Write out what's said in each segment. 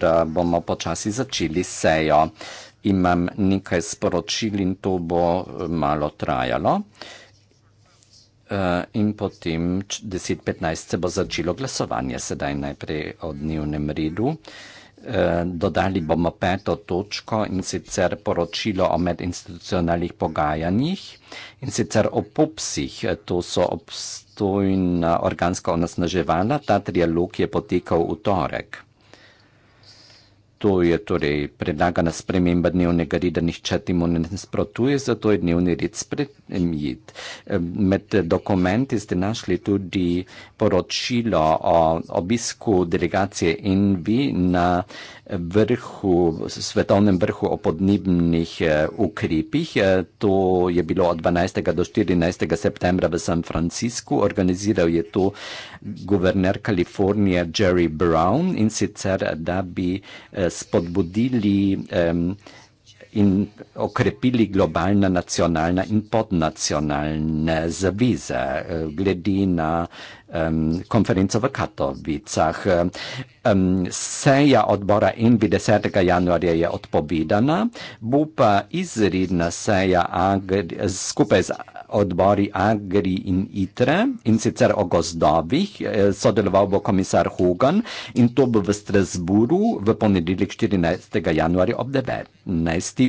da bomo počasi začeli sejo. Imam nekaj sporočil in to bo eh, malo trajalo. Eh, in potem 10.15 se bo začelo glasovanje, sedaj najprej o dnevnem redu. Eh, dodali bomo peto točko in sicer poročilo o medinstitucionalnih pogajanjih in sicer o popsih, to so obstojna organska onasnaževala, ta trialog je potekal v torek. To je torej predlagana sprememba dnevnega reda, nihče temu ne sprotuje, zato je dnevni red spremenjen. Med dokumenti ste našli tudi poročilo o obisku delegacije NV na vrhu, svetovnem vrhu o podnebnih e, ukrepih. E, to je bilo od 12. do 14. septembra v San Francisco. Organiziral je to guverner Kalifornije Jerry Brown in sicer, da bi e, spodbudili um, in okrepili globalna, nacionalna in podnacionalna zaveza eh, glede na uh, um, konferenco v Katowicach. Um, seja odbora INVI 10. januarja je odpovedana, bo pa izredna seja agri, skupaj z odbori Agri in ITRE in sicer o gozdovih, e, sodeloval bo komisar Hogan in to bo v Strasburu v ponedeljek 14. januarja ob 19.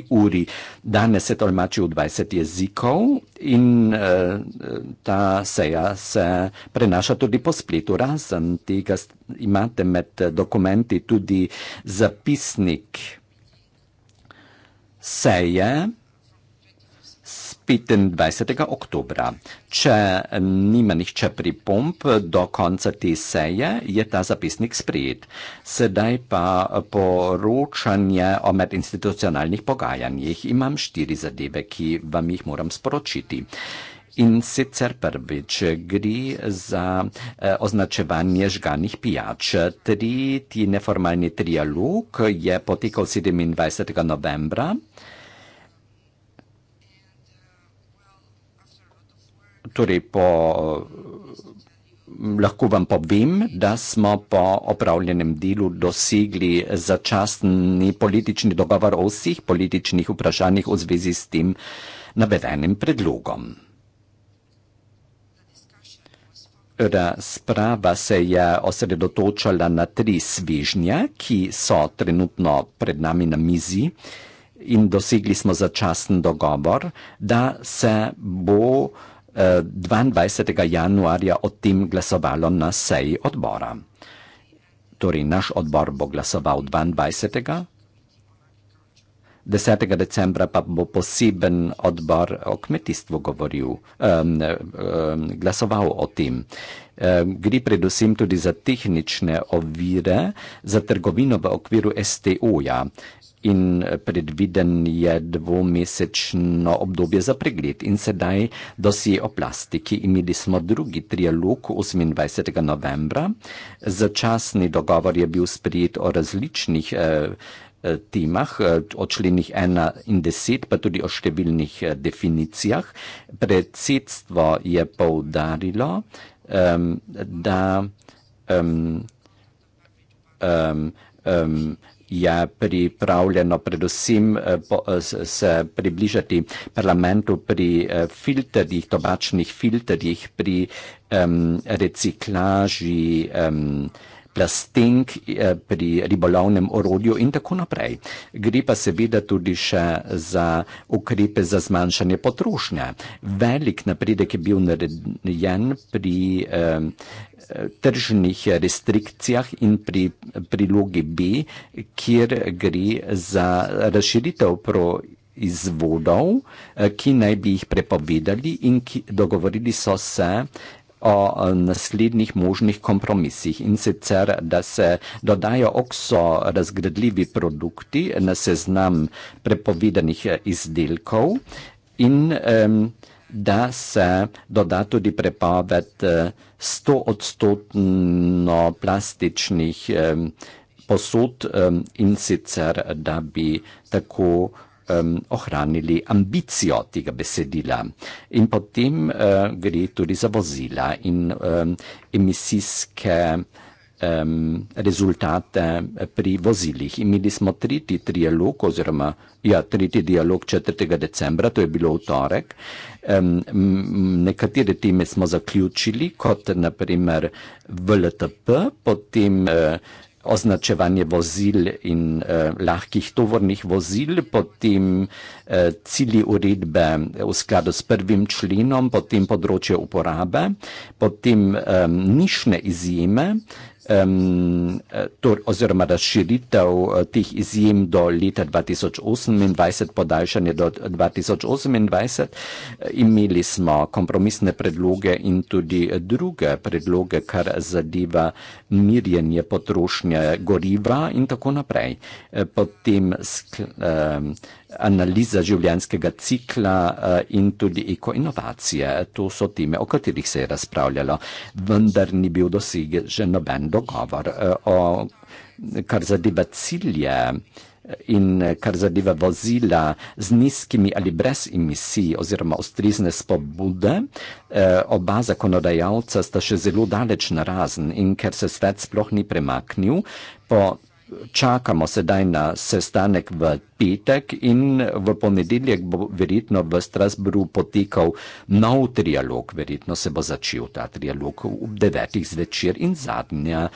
uri. Danes se tolmači v 20 jezikov in uh, ta seja se prenaša prenaša tudi po spletu. Razen tega imate med dokumenti tudi zapisnik seje. 25. oktobra. Če nima nihče pripomp do konca te seje, je ta zapisnik sprejet. Sedaj pa poročanje o medinstitucionalnih pogajanjih. Imam štiri zadeve, ki vam jih moram sporočiti. In sicer prvič gre za eh, označevanje žganih pijač. Tretji neformalni trialog je potekal 27. novembra. Torej po, lahko vam povem, da smo po opravljenem delu dosegli začasni politični dogovor o vseh političnih vprašanjih v zvezi s tem navedenim predlogom. Razprava se je osredotočala na tri svežnja, ki so trenutno pred nami na mizi in dosegli smo začasen dogovor, da se bo 22. Eh, januarja o tem glasovalo na seji odbora. Torej, naš odbor bo glasoval 22. januarja. 10. decembra pa bo poseben odbor o kmetijstvu govoril, um, um, glasoval o tem. Um, gre predvsem tudi za tehnične ovire za trgovino v okviru STO-ja in predviden je dvomesečno obdobje za pregled in sedaj dosije o plastiki. Imeli smo drugi trialog 28. novembra. Začasni dogovor je bil sprejet o različnih. Uh, Eh, temah, eh, o členih 1 in 10, pa tudi o številnih eh, definicijah. Predsedstvo je poudarilo, um, da um, um, um, je pripravljeno predvsem se približati parlamentu pri filterjih, tobačnih filterjih, pri um, reciklaži um, plastenk eh, pri ribolovnem orodju in tako naprej. Gre pa seveda tudi še za ukrepe za zmanjšanje potrošnje. Velik napredek je bil naredjen pri. Eh, tržnih restrikcijah in pri prilogi B, kjer gre za razširitev proizvodov, eh, ki naj bi jih prepovedali in ki, dogovorili so se eh, o e, naslednjih možnih kompromisih in sicer, da se dodajo okso razgradljivi produkti na seznam prepovedanih e, izdelkov in da se doda tudi prepoved 100 e, odstotno plastičnih posod in sicer, da bi tako vsega um, ohranili ambicijo tega besedila. In potem uh, gre tudi za vozila in um, emisijske um, rezultate eh, pri vozilih. Imeli smo tretji trialog oziroma ja, tretji dialog 4. decembra, to je bilo v torek. Um, nekatere teme smo zaključili, kot naprimer VLTP, potem uh, označevanje vozil in eh, lahkih tovornih vozil, potem eh, cilji uredbe v skladu s prvim členom, potem področje uporabe, potem eh, nišne izjeme, eh, Um, tor, oziroma razširitev eh, teh izjem do leta 2028, podaljšanje do 2028. Imeli smo kompromisne predloge in tudi eh, druge predloge, kar zadeva mirjenje potrošnje goriva in tako naprej. Potem sk, um, analiza življenjskega cikla eh, in tudi ekoinovacije. To so teme, o katerih se je razpravljalo, vendar ni bil dosežen noben dogovor. Eh, o kar zadeva cilje eh, in kar zadeva vozila z nizkimi ali brez emisij oziroma ustrizne spobude, oba zakonodajalca sta še zelo daleč narazen in ker se svet sploh ni premaknil, po čakamo sedaj na sestanek v petek in v ponedeljek bo verjetno v Strasburu potekal nov trialog, verjetno se bo začel ta trialog ob devetih zvečer in zadnja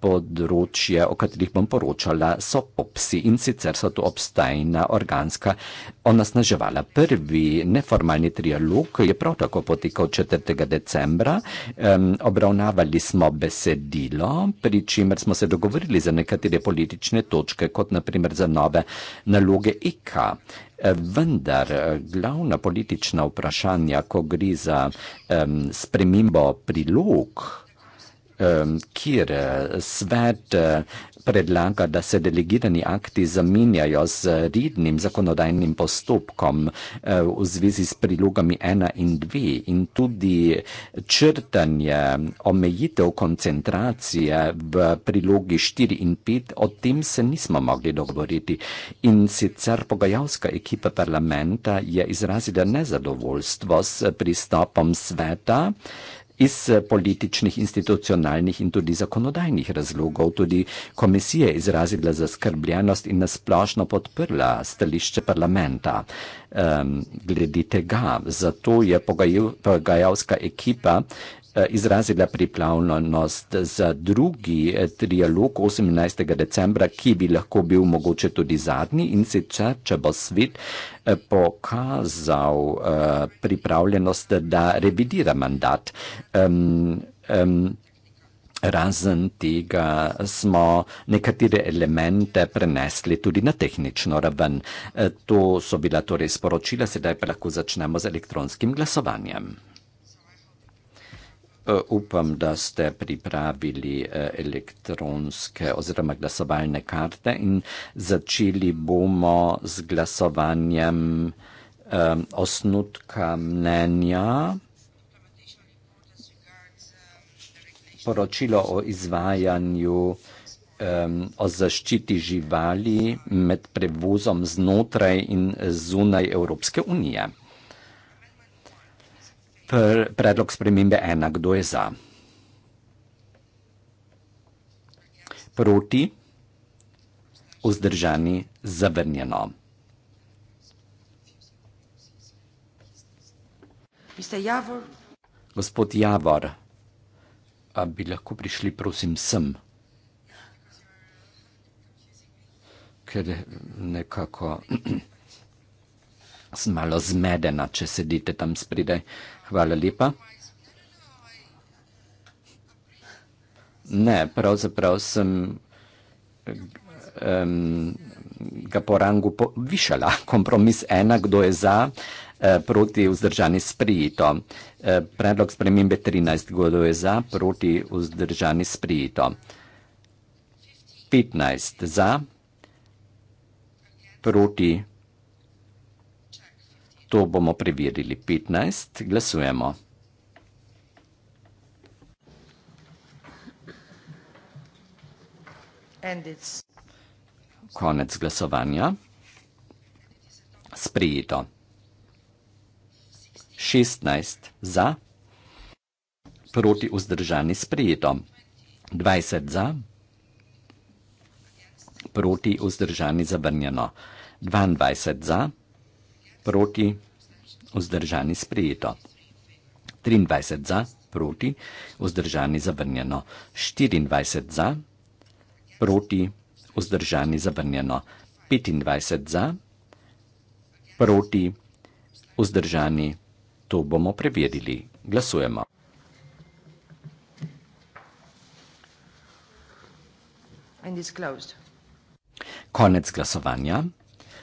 področje, o katerih bom poročala, so opsi in sicer so to obstajna organska onasnaževala. Prvi neformalni trialog je prav tako potekal 4. decembra. Um, obravnavali smo besedilo, pri čemer smo se dogovorili za nekatere politične točke, kot naprimer za nove naloge IKA. Vendar glavna politična vprašanja, ko gre za um, spremembo prilog, kjer eh, svet eh, predlaga, da se delegirani akti zamenjajo z rednim zakonodajnim postopkom eh, v zvezi s prilogami 1 in 2 in tudi črtanje omejitev koncentracije v prilogi 4 in 5, o tem se nismo mogli dogovoriti. In sicer pogajalska ekipa parlamenta je izrazila nezadovoljstvo s pristopom sveta, iz eh, političnih, institucionalnih in tudi zakonodajnih razlogov. Tudi komisija je izrazila zaskrbljenost in nasplošno podprla stališče parlamenta um, glede tega. Zato je pogajalska ekipa uh, Eh, izrazila pripravljenost za drugi eh, trialog 18. decembra, ki bi lahko bil mogoče tudi zadnji in sicer, če bo svet eh, pokazal pripravljenost, da revidira mandat. Um, um, Razen tega smo nekatere elemente prenesli tudi na tehnično raven. To so bila torej sporočila, sedaj pa lahko začnemo z elektronskim glasovanjem. Eh, upam, da ste pripravili eh, elektronske oziroma glasovalne karte in začeli bomo z glasovanjem um, osnutka mnenja. Poročilo o izvajanju um, o zaščiti živali med prevozom znotraj in zunaj Evropske unije. Pr predlog spremembe ena. Kdo je za? Proti? Vzdržani? Zavrnjeno. Javor. Gospod Javor, a bi lahko prišli, prosim, sem? Ker nekako sem malo zmedena, če sedite tam spredaj. Hvala lepa. Ne, pravzaprav sem ga po rangu povišala. Kompromis ena, kdo je za, eh, proti vzdržani sprijeto. Eh, predlog spremembe 13, kdo je za, proti vzdržani sprijeto. 15 za, proti vzdržani sprijeto. To bomo preverili 15. Glasujemo. Konec glasovanja. Sprejeto. 16 za, proti vzdržani sprejeto. 20 za, proti vzdržani zavrnjeno. 22 za, proti vzdržani zavrnjeno proti, vzdržani sprejeto. 23 za, proti, vzdržani zavrnjeno. 24 za, proti, vzdržani zavrnjeno. 25 za, proti, vzdržani. To bomo preverili. Glasujemo. Konec glasovanja.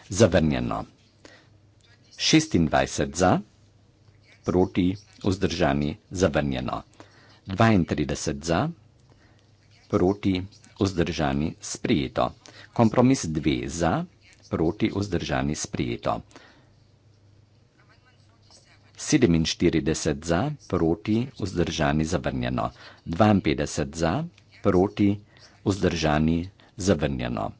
Zavrnjeno. 26 za, proti, vzdržani, zavrnjeno. 32 za, proti, vzdržani, sprijeto. Kompromis 2 za, proti, vzdržani, sprijeto. 47 za, proti, vzdržani, zavrnjeno. 52 za, proti, vzdržani, zavrnjeno.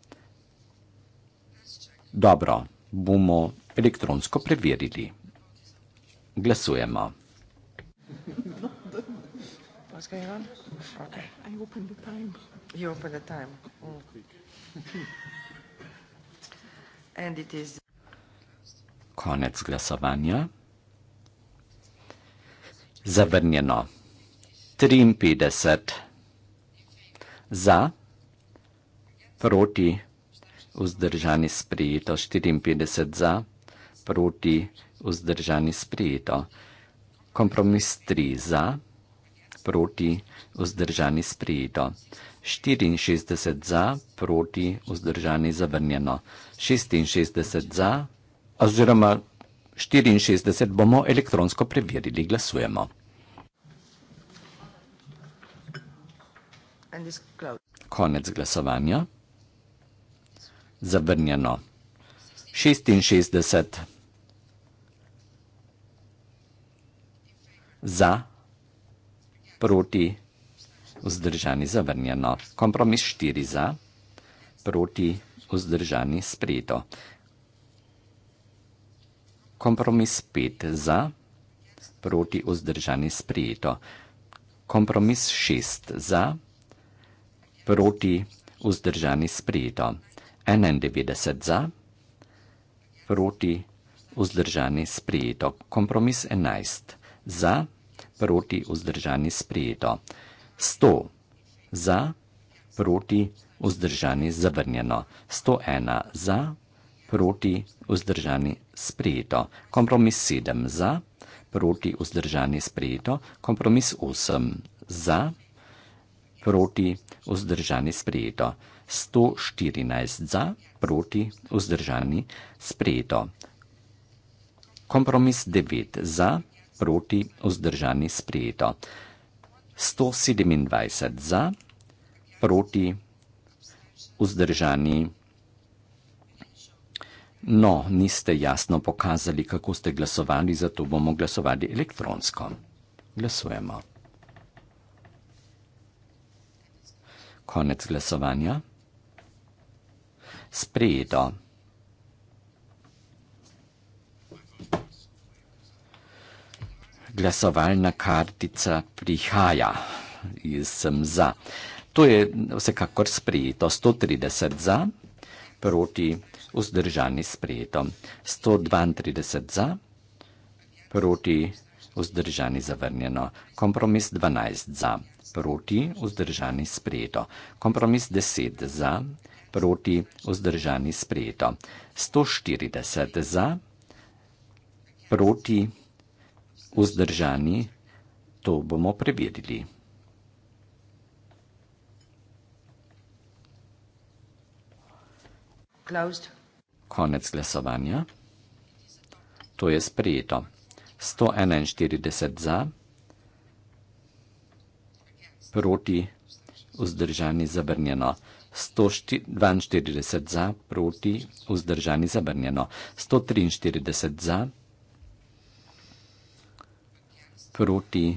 Dobro, bomo elektronsko preverili. Glasujemo. Mm. Konec glasovanja. Zavrnjeno. 53 za, proti, vzdržani sprijeto 54 za proti vzdržani sprejeto. Kompromis 3 za, proti vzdržani sprejeto. 64 za, proti vzdržani zavrnjeno. 66 za, oziroma 64 bomo elektronsko preverili, glasujemo. Konec glasovanja. Zavrnjeno. 66 za. za, proti, vzdržani, zavrnjeno. Kompromis 4 za, proti, vzdržani, sprejeto. Kompromis 5 za, proti, vzdržani, sprejeto. Kompromis 6 za, proti, vzdržani, sprejeto. 91 za, proti, vzdržani, sprejeto. Kompromis 11 za za, proti, vzdržani, sprijeto. 100 za, proti, vzdržani, zavrnjeno. 101 za, proti, vzdržani, sprijeto. Kompromis 7 za, proti, vzdržani, sprijeto. Kompromis 8 za, proti, vzdržani, sprijeto. 114 za, proti, vzdržani, sprijeto. Kompromis 9 za, proti, vzdržani, sprijeto proti vzdržani sprejeto. 127 za, proti vzdržani. No, niste jasno pokazali, kako ste glasovali, zato bomo glasovali elektronsko. Glasujemo. Konec glasovanja. Sprejeto. glasovalna kartica prihaja. Jaz sem za. To je vsekakor sprejeto. 130 za, proti vzdržani sprejeto. 132 za, proti vzdržani zavrnjeno. Kompromis 12 za, proti vzdržani sprejeto. Kompromis 10 za, proti vzdržani sprejeto. 140 za, proti vzdržani sprejeto vzdržani, to bomo preverili. Closed. Konec glasovanja. To je sprejeto. 141 za, proti, vzdržani, zabrnjeno. 142 za, proti, vzdržani, zabrnjeno. 143 za, proti, vzdržani, zabrnjeno proti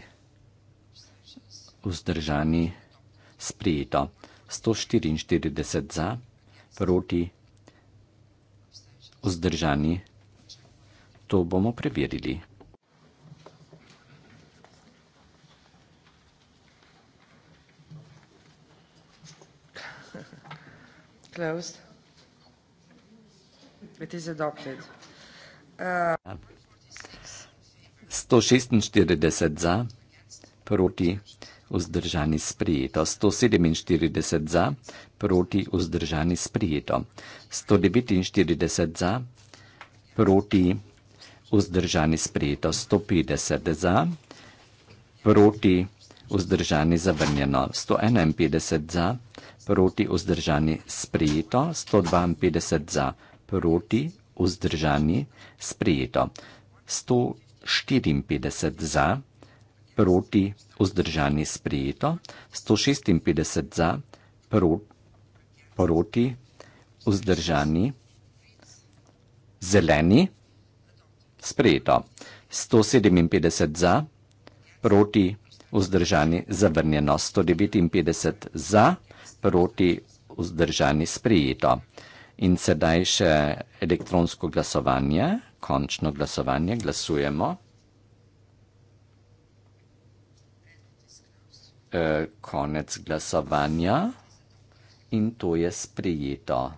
vzdržani sprejeto. 144 za proti vzdržani. To bomo preverili. Closed. It is adopted. Uh... Ja. 146 za, proti vzdržani sprijeto. 147 za, proti vzdržani sprijeto. 149 za, proti vzdržani sprijeto. 150 za, proti vzdržani zavrnjeno. 151 za, proti vzdržani sprijeto. 152 za, proti vzdržani sprijeto. 150 za, proti vzdržani sprijeto. 54 za, proti vzdržani sprejeto, 156 za, pro, proti vzdržani zeleni sprejeto, 157 za, proti vzdržani zavrnjeno, 159 za, proti vzdržani sprejeto. In sedaj še elektronsko glasovanje končno glasovanje. Glasujemo. E, konec glasovanja in to je sprejeto.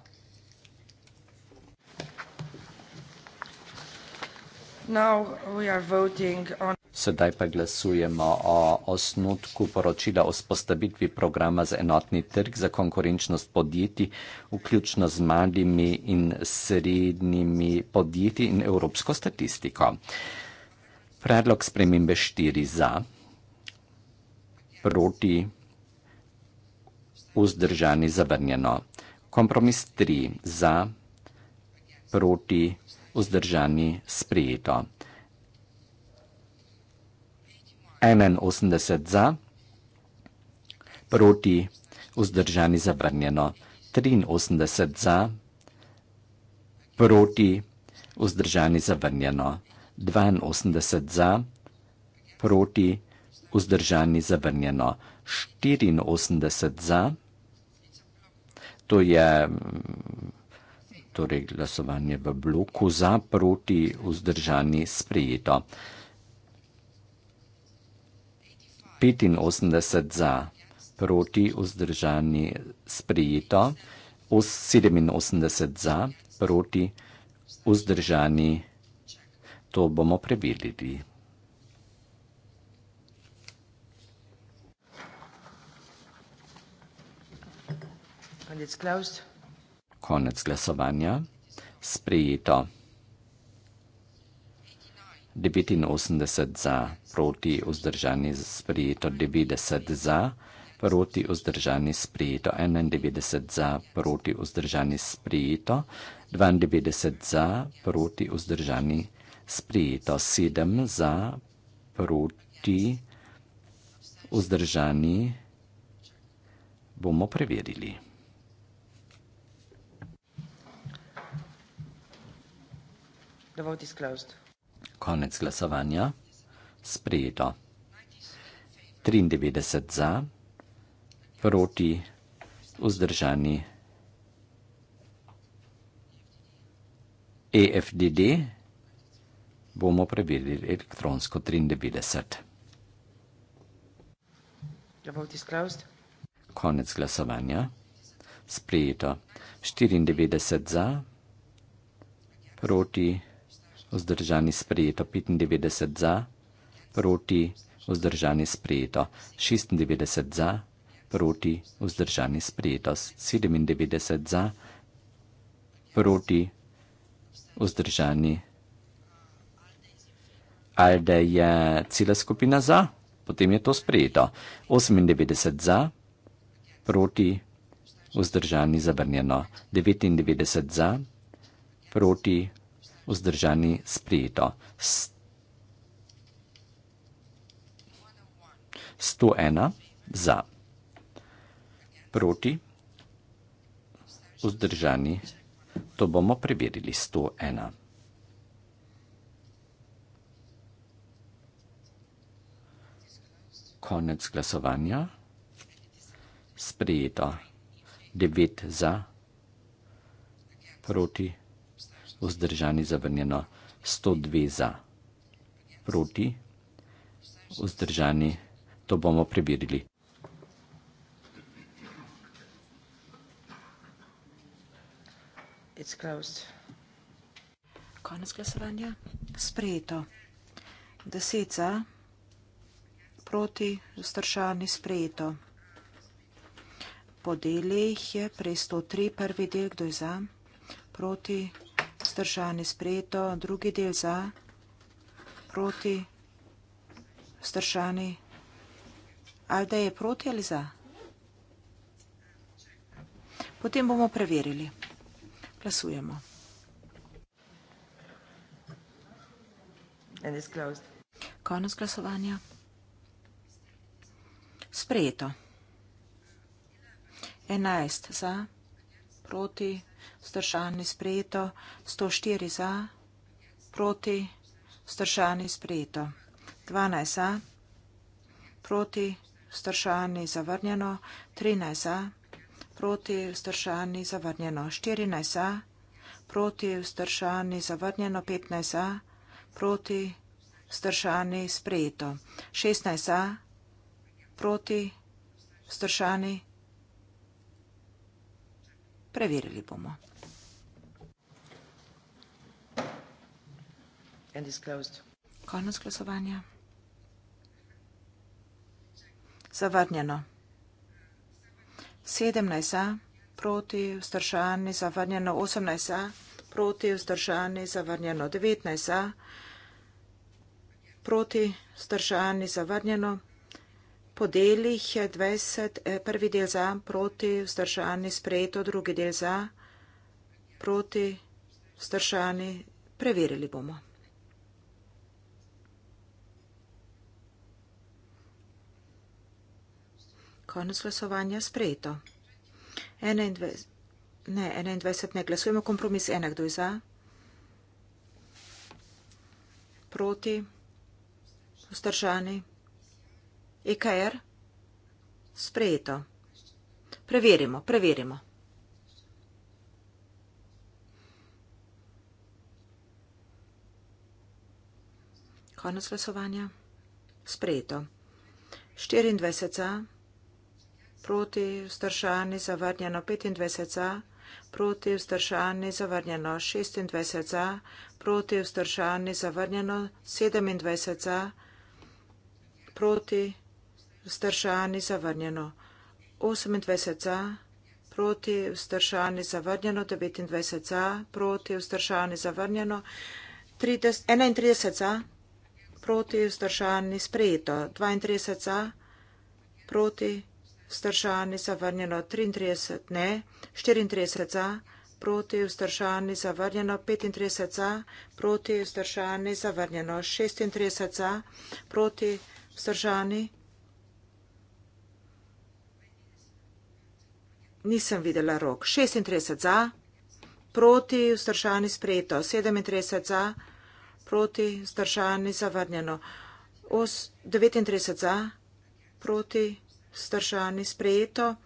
Now we are voting on. Sedaj pa glasujemo o osnutku poročila o spostavitvi programa za enotni trg za konkurenčnost podjetij, vključno z malimi in srednjimi podjetji in evropsko statistiko. Predlog spremembe 4 za, proti, vzdržani, zavrnjeno. Kompromis 3 za, proti, vzdržani, sprejeto. 81 za, proti vzdržani zavrnjeno 83 za, proti vzdržani zavrnjeno 82 za, proti vzdržani zavrnjeno 84 za, to je torej glasovanje v bloku za, proti vzdržani sprejeto. 85 za, proti vzdržani sprejeto, 87 za, proti vzdržani. To bomo preverili. Konec glasovanja. Sprejeto. 89 za, proti vzdržani sprijeto 90 za, proti vzdržani sprijeto 91 za, proti vzdržani sprijeto 92 za, proti vzdržani sprijeto 7 za, proti vzdržani bomo preverili. The vote is closed konec glasovanja. Sprejeto. 93 za, proti, vzdržani. AFDD e bomo preverili elektronsko 93. Konec glasovanja. Sprejeto. 94 za, proti, vzdržani vzdržani sprejeto 95 za, proti vzdržani sprejeto 96 za, proti vzdržani sprejeto 97 za, proti vzdržani. Alde je cela skupina za, potem je to sprejeto. 98 za, proti, vzdržani zabrnjeno. 99 za, proti, vzdržani sprejeto. 101 za proti vzdržani. To bomo preverili. 101. Konec glasovanja. Sprejeto. 9 za proti vzdržani vzdržani zavrnjeno 102 za, proti vzdržani, to bomo preverili. Konec glasovanja, sprejeto. Deset za, proti vzdržani, sprejeto. Po delih je prej 103 prvi del, kdo je za, proti vzdržani vzdržani sprejeto, drugi del za, proti vzdržani. Ali da je proti ali za? Potem bomo preverili. Glasujemo. Konec glasovanja. Sprejeto. 11 za, proti Stršani sprejeto, 104 za, proti, stršani sprejeto, 12 za, proti, stršani zavrnjeno, 13 za, proti, stršani zavrnjeno, 14 za, proti, stršani zavrnjeno, 15 za, proti, stršani sprejeto, 16 za, proti, stršani zavrnjeno. Preverili bomo. Konec glasovanja. Zavrnjeno. 17 proti vzdržani, zavrnjeno 18 proti vzdržani, zavrnjeno 19 proti vzdržani, zavrnjeno 19 po delih 20, eh, prvi del za, proti, vzdržani, sprejeto, drugi del za, proti, vzdržani, preverili bomo. Konec glasovanja sprejeto. 21, ne, 21 ne glasujemo, kompromis ena, kdo je za, proti, vzdržani, preverili bomo. EKR? Sprejeto. Preverimo, preverimo. Konec glasovanja. Sprejeto. 24 za, proti vzdržani, zavrnjeno 25 za, proti vzdržani, zavrnjeno 26 za, proti vzdržani, zavrnjeno 27 za, proti vzdržani, zavrnjeno 27 za, vzdržani zavrnjeno. 28 za, proti vzdržani zavrnjeno, 29 za, proti vzdržani zavrnjeno, 30, 31 za, proti vzdržani sprejeto, 32 za, proti vzdržani zavrnjeno, 33 ne, 34 za, proti vzdržani zavrnjeno, 35 za, proti vzdržani zavrnjeno, 36 za, proti vzdržani zavrnjeno. nisem videla rok. 36 za, proti vzdržani sprejeto, 37 za, proti vzdržani zavrnjeno, 39 za, proti vzdržani sprejeto,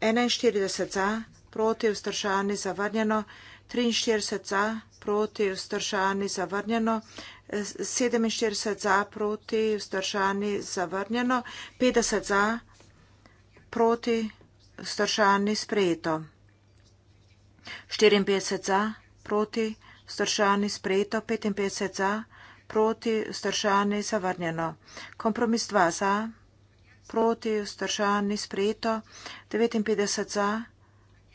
41 za, proti vzdržani zavrnjeno, 43 za, proti vzdržani zavrnjeno, 47 za, proti vzdržani zavrnjeno, 50 za, proti vzdržani zavrnjeno, vzdržan ni sprejeto. 54 za, proti, vzdržan ni sprejeto, 55 za, proti, vzdržan ni zavrnjeno. Kompromis 2 za, proti, vzdržan ni sprejeto, 59 za,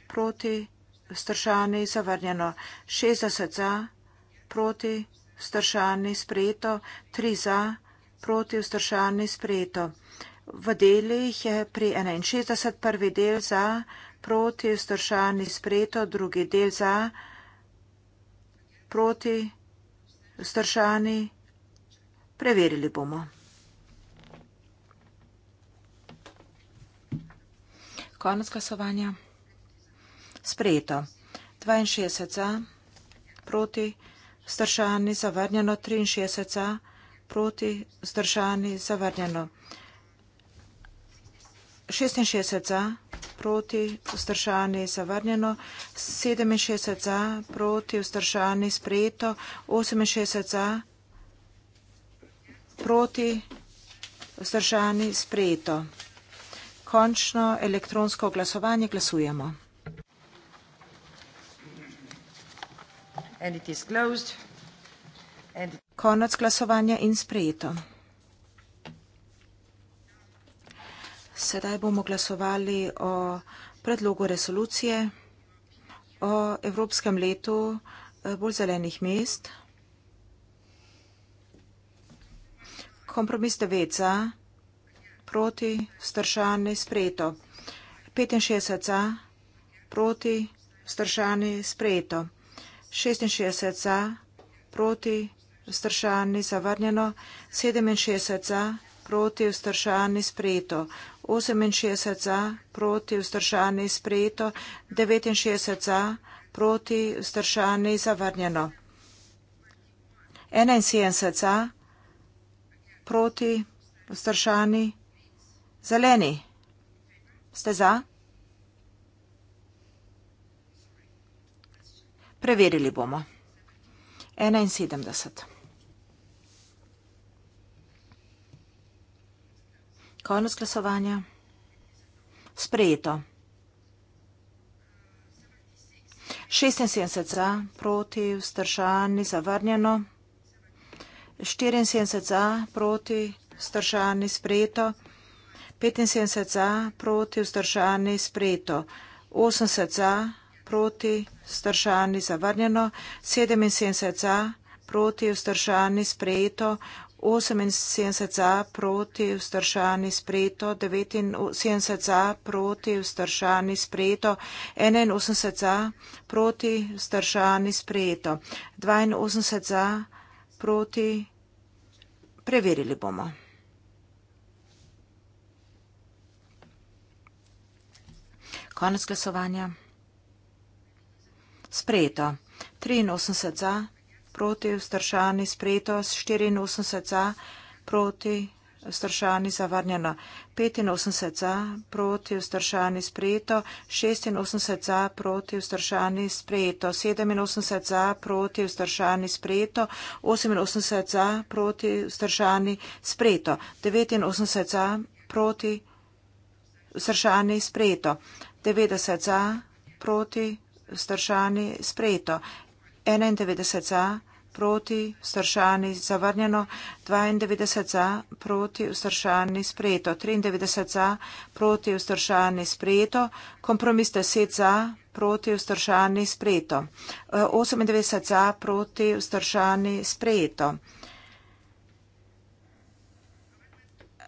proti, vzdržan ni zavrnjeno. 60 za, proti, vzdržan ni sprejeto, 3 za, proti, vzdržan ni sprejeto v delih je pri 61 prvi del za, proti vzdržani sprejeto, drugi del za, proti vzdržani, preverili bomo. Konec glasovanja. Sprejeto. 62 za, proti vzdržani, zavrnjeno, 63 za, proti vzdržani, zavrnjeno. 66 za, proti vzdržani zavrnjeno, 67 za, proti vzdržani sprejeto, 68 za, proti vzdržani sprejeto. Končno elektronsko glasovanje glasujemo. Konec glasovanja in sprejeto. Sedaj bomo glasovali o predlogu resolucije o Evropskem letu eh, bolj zelenih mest. Kompromis 9 za, proti, vzdržani, sprejeto. 65 za, proti, vzdržani, sprejeto. 66 za, proti, vzdržani, zavrnjeno. 67 za, proti, vzdržani, sprejeto. 68 za, proti vzdržani sprejeto, 69 za, proti vzdržani zavrnjeno. 71 za, proti vzdržani zeleni. Ste za? Preverili bomo. 71. Konec glasovanja. Sprejeto. 76 za, proti, vzdržani, zavrnjeno. 74 za, proti, vzdržani, sprejeto. 75 za, proti, vzdržani, sprejeto. 80 za, proti, vzdržani, zavrnjeno. 77 za, proti, vzdržani, sprejeto. 78 za proti vzdržani sprejeto, 79 za proti vzdržani sprejeto, 81 za proti vzdržani sprejeto, 82 za proti. Preverili bomo. Konec glasovanja. Sprejeto. 83 za proti vstršani sprejeto, 84 za, proti vstršani zavarnjeno, 85 za, proti vstršani sprejeto, 86 za, proti vstršani sprejeto, 87 za, proti vstršani sprejeto, 88 za, proti vstršani sprejeto, 89 za, proti vstršani sprejeto, 90 za, proti. Vstršani sprejeto, 91 za, proti vzdržani zavrnjeno, 92 za, proti vzdržani sprejeto, 93 za, proti vzdržani sprejeto, kompromis 10 za, proti vzdržani sprejeto, 98 za, proti vzdržani sprejeto,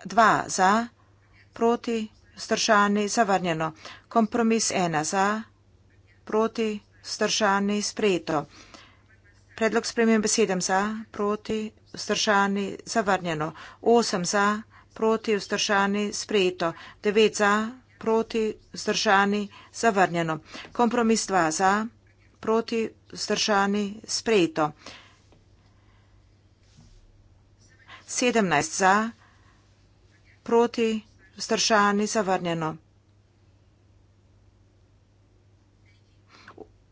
2 za, proti vzdržani zavrnjeno, kompromis 1 za, proti vzdržani sprejeto vzdržani sprejeto. Predlog spremembe 7 za, proti, vzdržani zavrnjeno. 8 za, proti, vzdržani sprejeto. 9 za, proti, vzdržani zavrnjeno. Kompromis 2 za, proti, vzdržani sprejeto. 17 za, proti, vzdržani zavrnjeno.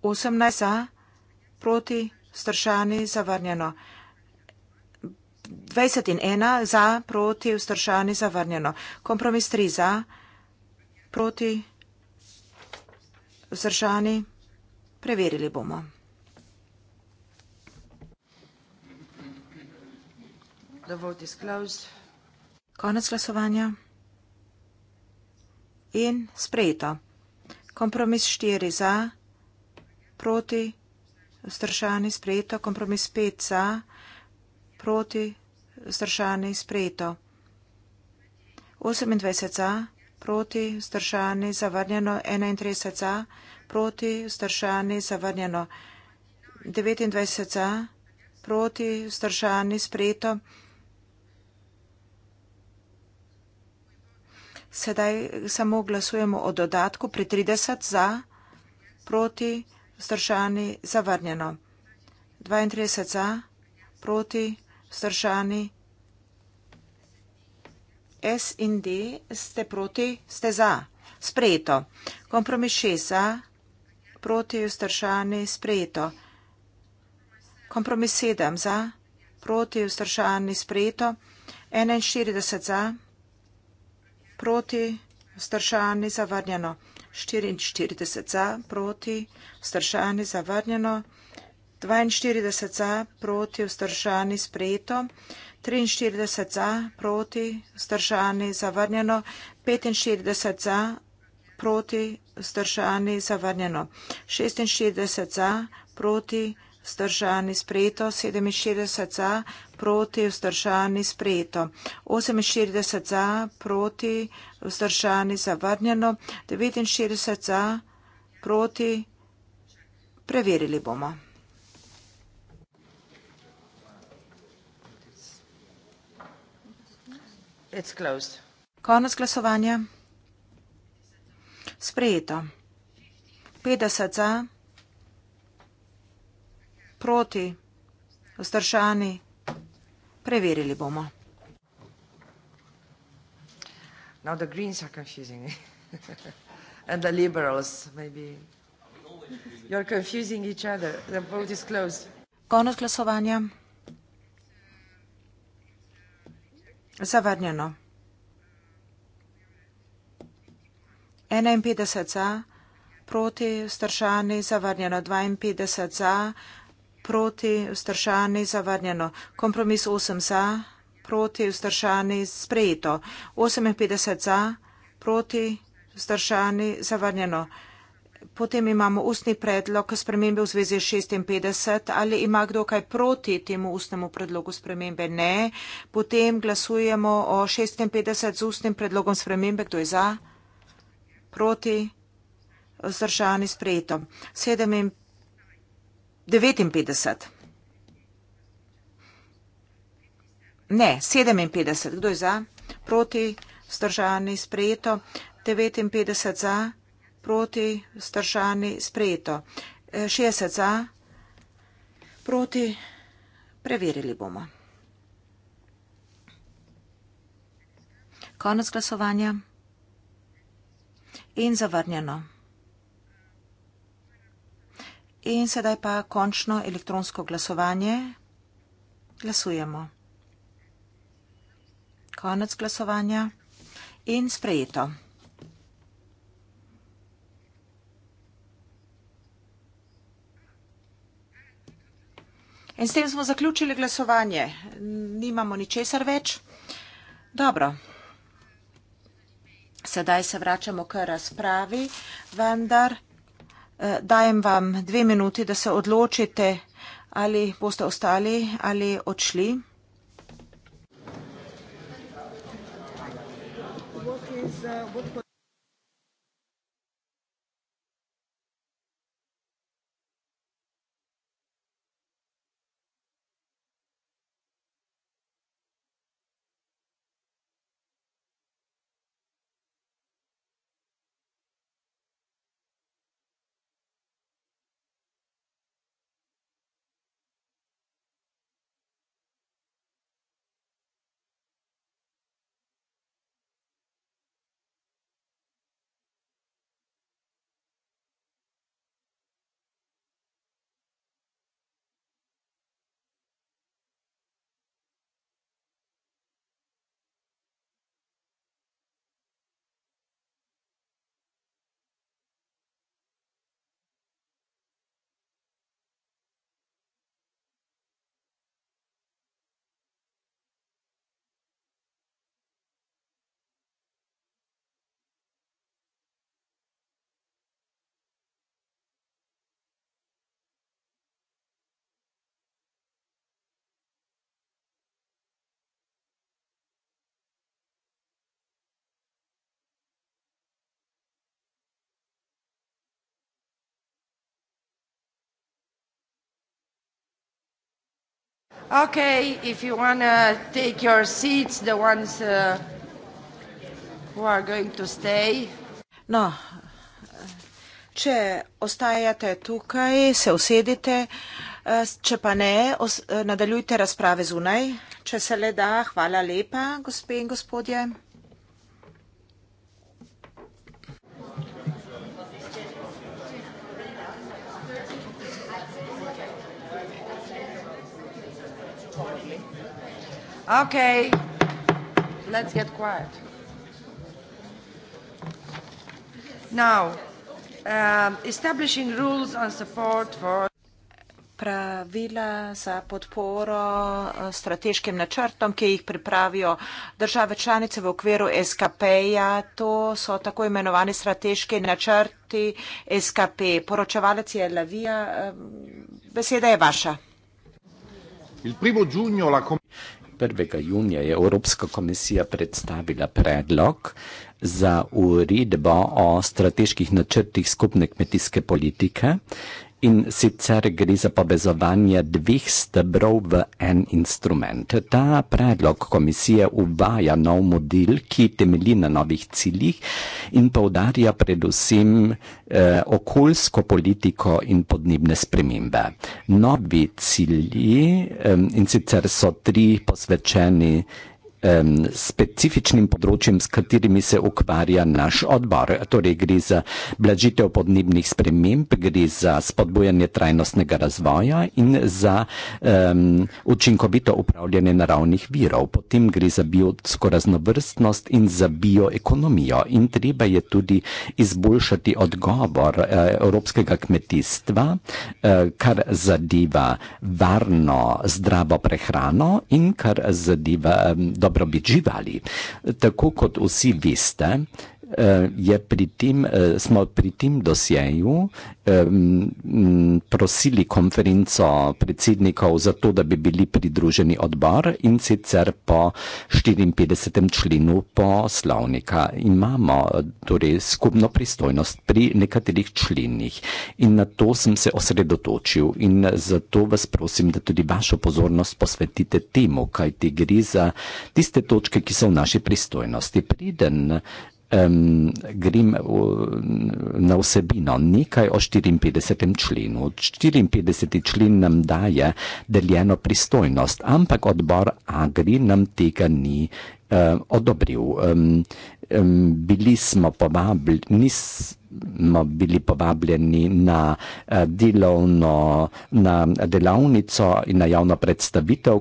18 za, proti, stršani zavrnjeno. 20 in 1 za, proti, stršani zavrnjeno. Kompromis 3 za, proti, stršani, preverili bomo. Konec glasovanja. In sprejeto. Kompromis 4 za proti, vzdržani sprejeto, kompromis 5 za, proti, vzdržani sprejeto. 28 za, proti, vzdržani zavrnjeno, 31 za, proti, vzdržani zavrnjeno. 29 za, proti, vzdržani sprejeto. Sedaj samo glasujemo o dodatku pri 30 za, proti, vzdržani zavrnjeno. 32 za, proti vzdržani. S in D ste proti, ste za. Sprejeto. Kompromis 6 za, proti vzdržani, sprejeto. Kompromis 7 za, proti vzdržani, sprejeto. 41 za, proti vzdržani, zavrnjeno. 44 za, proti, vzdržani zavrnjeno, 42 za, proti, vzdržani sprejeto, 43 za, proti, vzdržani zavrnjeno, 45 za, proti, vzdržani zavrnjeno, 46 za, proti, vzdržani sprejeto, 67 za, proti vzdržani sprejeto, 48 za, proti vzdržani zavrnjeno, 49 za, proti preverili bomo. Konec glasovanja. Sprejeto. 50 za proti, ostršani. Preverili bomo. Now the Greens are confusing me. And the Liberals, maybe. You're confusing each other. The vote is closed. Konec glasovanja. Zavrnjeno. 51 za, proti, stršani, zavrnjeno. 52 za, proti, vzdržani, zavrnjeno. Kompromis 8 za, proti, vzdržani, sprejeto. 58 za, proti, vzdržani, zavrnjeno. Potem imamo ustni predlog spremembe v zvezi s 56. Ali ima kdo kaj proti temu ustnemu predlogu spremembe? Ne. Potem glasujemo o 56 z ustnim predlogom spremembe. Kdo je za? Proti? Zdržani sprejeto. 57. 59. Ne, 57. Kdo je za? Proti, stržani, sprejeto. 59 za, proti, stržani, sprejeto. 60 eh, za, proti, preverili bomo. Konec glasovanja in zavrnjeno. In sedaj pa končno elektronsko glasovanje. Glasujemo. Konec glasovanja in sprejeto. In s tem smo zaključili glasovanje. Nimamo ničesar več. Dobro. Sedaj se vračamo k razpravi, vendar. Eh, dajem vam dve minuti, da se odločite, ali boste ostali ali odšli. Okay, if you want to take your seats, the ones uh, who are going to stay. No. Če ostajate tukaj, se usedite, eh, če pa ne, eh, nadaljujte razprave zunaj, če se le da. Hvala lepa, gospe in gospodje. Okay, let's get quiet. Now, um, establishing rules on support for pravila za podporo uh, strateškim načrtom, ki jih pripravijo države članice v okviru SKP-ja. To so tako imenovani strateški načrti SKP. Poročevalec je Lavija. Um, beseda je vaša. 1. junija je Evropska komisija predstavila predlog za uredbo o strateških načrtih skupne kmetijske politike In sicer gre za povezovanje dveh stebrov v en instrument. Ta predlog komisije uvaja nov model, ki temelji na novih ciljih in povdarja predvsem eh, okoljsko politiko in podnebne spremembe. Novi cilji eh, in sicer so tri posvečeni eh, um, specifičnim področjem, s katerimi se ukvarja naš odbor. Torej, gre za blažitev podnebnih sprememb, gre za spodbojanje trajnostnega razvoja in za um, učinkovito upravljanje naravnih virov. Potem gre za biotsko raznovrstnost in za bioekonomijo. In treba je tudi izboljšati odgovor uh, evropskega kmetijstva, uh, kar zadeva varno, zdravo prehrano in kar zadeva um, dobro dobrobit živali. Tako kot vsi veste, Eh, je pri tem, eh, smo pri tem dosjeju prosili konferenco predsednikov za to, da bi bili pridruženi odbor in sicer po 54. členu poslovnika. Imamo eh, torej skupno pristojnost pri nekaterih členih in na to sem se osredotočil in zato vas prosim, da tudi vašo pozornost posvetite temu, kaj ti gre za tiste točke, ki so v naši pristojnosti. Priden um, grem v, na vsebino. Nekaj o 54. členu. 54. člen nam daje deljeno pristojnost, ampak odbor Agri nam tega ni um, odobril. Um, um, bili smo povabljeni smo no, bili povabljeni na eh, delovno, na delavnico in na javno predstavitev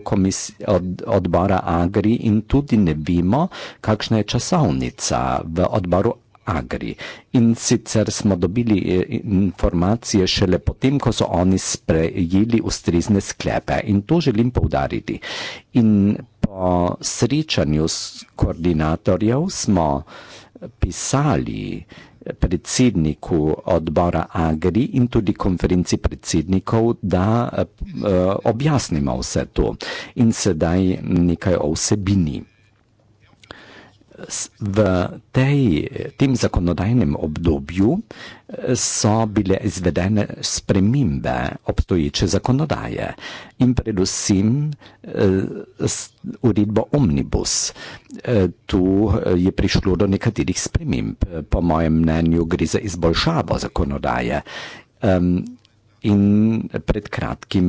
od, odbora Agri in tudi ne vemo, kakšna je časovnica v odboru Agri. In sicer smo dobili eh, informacije šele potem, ko so oni sprejeli ustrezne sklepe in to želim povdariti. In po srečanju s koordinatorjev smo pisali, predsedniku odbora Agri in tudi konferenci predsednikov, da eh, eh, objasnimo vse to. In sedaj nekaj o vsebini v tej, tem zakonodajnem obdobju eh, so bile izvedene spremembe obstoječe zakonodaje in predvsem eh, uredbo omnibus. Eh, tu je prišlo do nekaterih sprememb. Po mojem mnenju gre za izboljšavo zakonodaje. In pred kratkim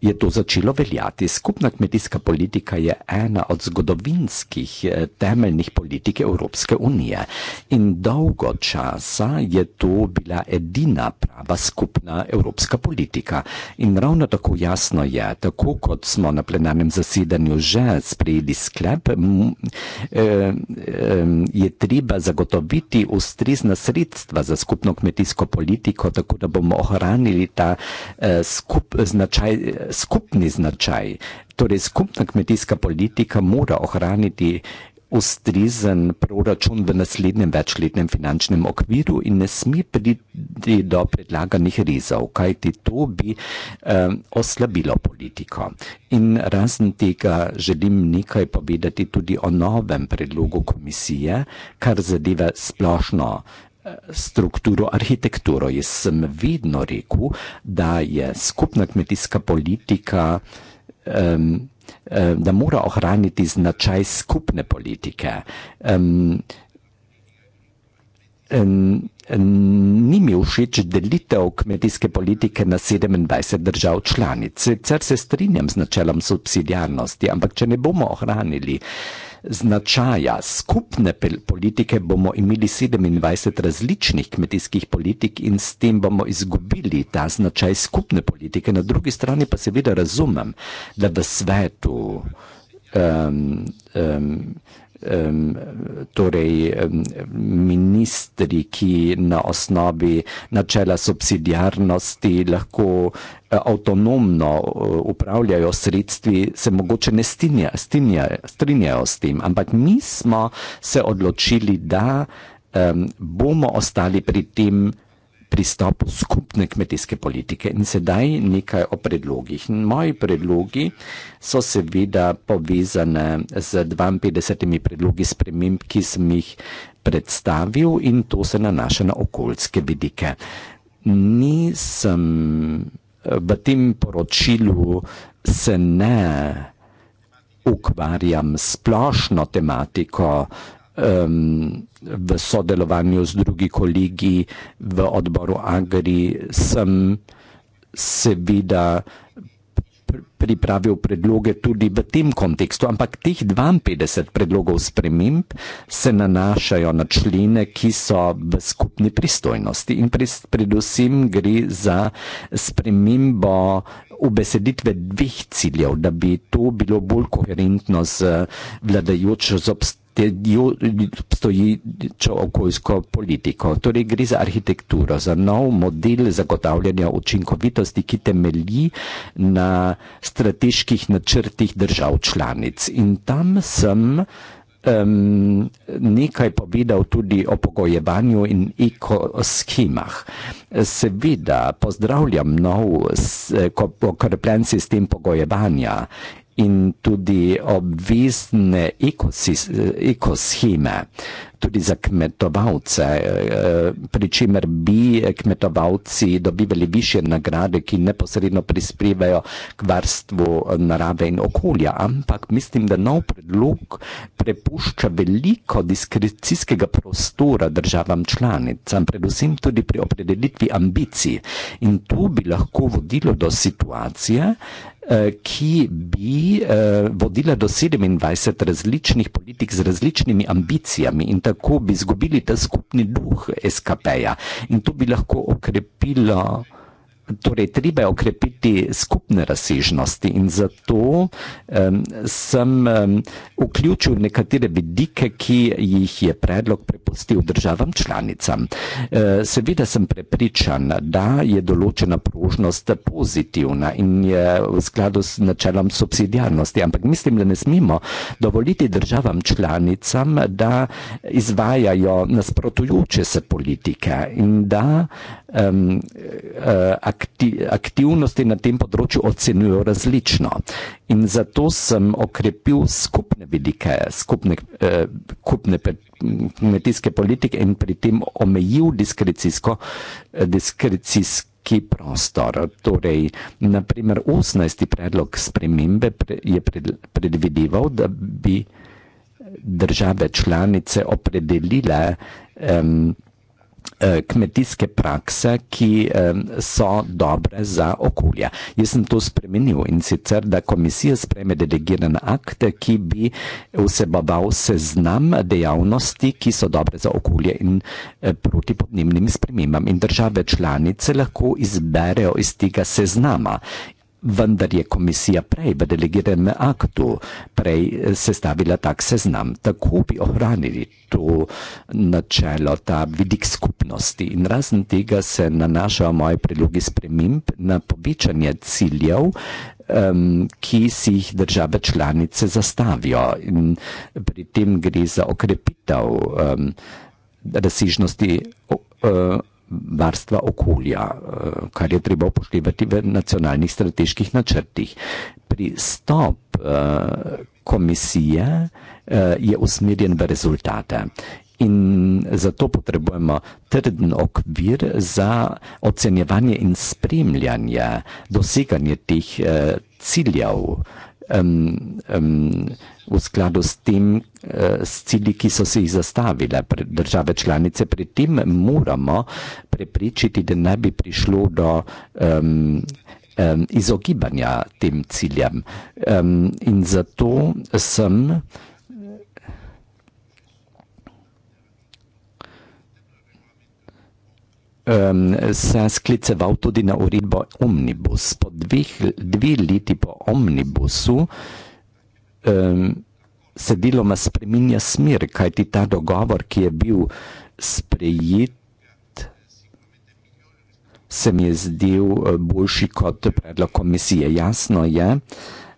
je to začelo veljati. Skupna kmetijska politika je ena od zgodovinskih eh, temeljnih politik Evropske unije in dolgo časa je to bila edina prava skupna evropska politika. In ravno tako jasno je, tako kot smo na plenarnem zasedanju že sprejeli sklep, eh, eh, je treba zagotoviti ustrezna sredstva za skupno kmetijsko politiko, tako da bomo ohranili ta skup značaj skupni značaj. Torej, skupna kmetijska politika mora ohraniti ustrezen proračun v naslednjem večletnem finančnem okviru in ne sme priti do predlaganih rezov, kajti to bi eh, oslabilo politiko. In razen tega želim nekaj povedati tudi o novem predlogu komisije, kar zadeva splošno eh, strukturo, arhitekturo. Jaz sem vedno rekel, da je skupna kmetijska politika, um, um, da mora ohraniti značaj skupne politike. Um, Ni mi všeč delitev kmetijske politike na 27 držav članic. Sicer se strinjam z načelom subsidijarnosti, ampak če ne bomo ohranili uh, značaja skupne politike bomo imeli 27 različnih kmetijskih politik in s tem bomo izgubili ta značaj skupne politike. Na drugi strani pa seveda razumem, da v svetu um, um, Um, torej, um, ministri, ki na osnovi načela subsidiarnosti lahko uh, avtonomno uh, upravljajo sredstvi, se mogoče ne stinja, stinja, strinjajo s tem. Ampak mi smo se odločili, da um, bomo ostali pri tem, da pristop skupne kmetijske politike in sedaj nekaj o predlogih. Moji predlogi so seveda povezane z 52 predlogi sprememb, ki sem jih predstavil in to se nanaša na okoljske vidike. Nisem v tem poročilu se ne ukvarjam splošno tematiko, um, v sodelovanju z drugi kolegi v odboru Agri sem seveda pripravil predloge tudi v tem kontekstu, ampak teh 52 predlogov sprememb se nanašajo na člene, ki so v skupni pristojnosti in predvsem gre za spremembo ubeseditve dveh ciljev, da bi to bilo bolj koherentno z vladajočo z obstoječo jo obstoječo okoljsko politiko. Torej, gre za arhitekturo, za nov model zagotavljanja učinkovitosti, ki temelji na strateških načrtih držav članic. In tam sem um, nekaj povedal tudi o pogojevanju in ekoskemah. Seveda, pozdravljam nov okrepljen sistem pogojevanja in tudi obvezne ekosheme, tudi za kmetovalce, eh, eh, pri čemer bi eh, kmetovalci dobivali više nagrade, ki neposredno prispevajo k varstvu narave in okolja. Ampak mislim, da nov predlog prepušča veliko diskrecijskega prostora državam članicam, predvsem tudi pri opredelitvi ambicij. In to bi lahko vodilo do situacije, ki bi vodila do 27 različnih politik z različnimi ambicijami in tako bi izgubili ta skupni duh SKP-ja in to bi lahko okrepilo. Torej, treba je okrepiti skupne razsežnosti in zato um, sem um, vključil nekatere vidike, ki jih je predlog prepustil državam članicam. Uh, seveda sem prepričan, da je določena prožnost pozitivna in je v skladu s načelom subsidijarnosti, ampak mislim, da ne smemo dovoliti državam članicam, da izvajajo nasprotujoče se politike in da um, akti, aktivnosti na tem področju ocenjujo različno. In zato sem okrepil skupne vidike, skupne, uh, skupne kmetijske politike in pri tem omejil diskrecijsko, eh, diskrecijsko prostor. Torej, naprimer, 18. predlog spremembe je predvideval, da bi države članice opredelile um, Eh, kmetijske prakse, ki so dobre za okolje. Jaz sem to spremenil in sicer, da komisija spreme delegiran akt, ki bi vseboval seznam dejavnosti, ki so dobre za okolje in eh, proti podnebnim spremembam. In države članice lahko izberejo iz tega seznama vendar je komisija prej v delegiranem aktu prej eh, sestavila tak seznam, tako bi ohranili to načelo, ta vidik skupnosti. In razen tega se nanašajo moje predlogi sprememb na povečanje ciljev, um, ki si jih države članice zastavijo. In pri tem gre za okrepitev um, razsežnosti. Um, varstva okolja, eh, kar je treba upoštevati v nacionalnih strateških načrtih. Pristop eh, komisije eh, je usmerjen v rezultate. In zato potrebujemo trden okvir za ocenjevanje in spremljanje doseganja teh eh, ciljev, um, um, v skladu s tem, uh, s cilji, ki so se jih zastavile države članice. Pri tem moramo preprečiti, da ne bi prišlo do um, um, izogibanja tem ciljem. Um, in zato sem. um, se skliceval tudi na uredbo omnibus. Po dveh, dve leti po omnibusu um, se deloma spremenja smer, kajti ta dogovor, ki je bil sprejet. Se mi je zdel eh, boljši kot predlog komisije. Jasno je,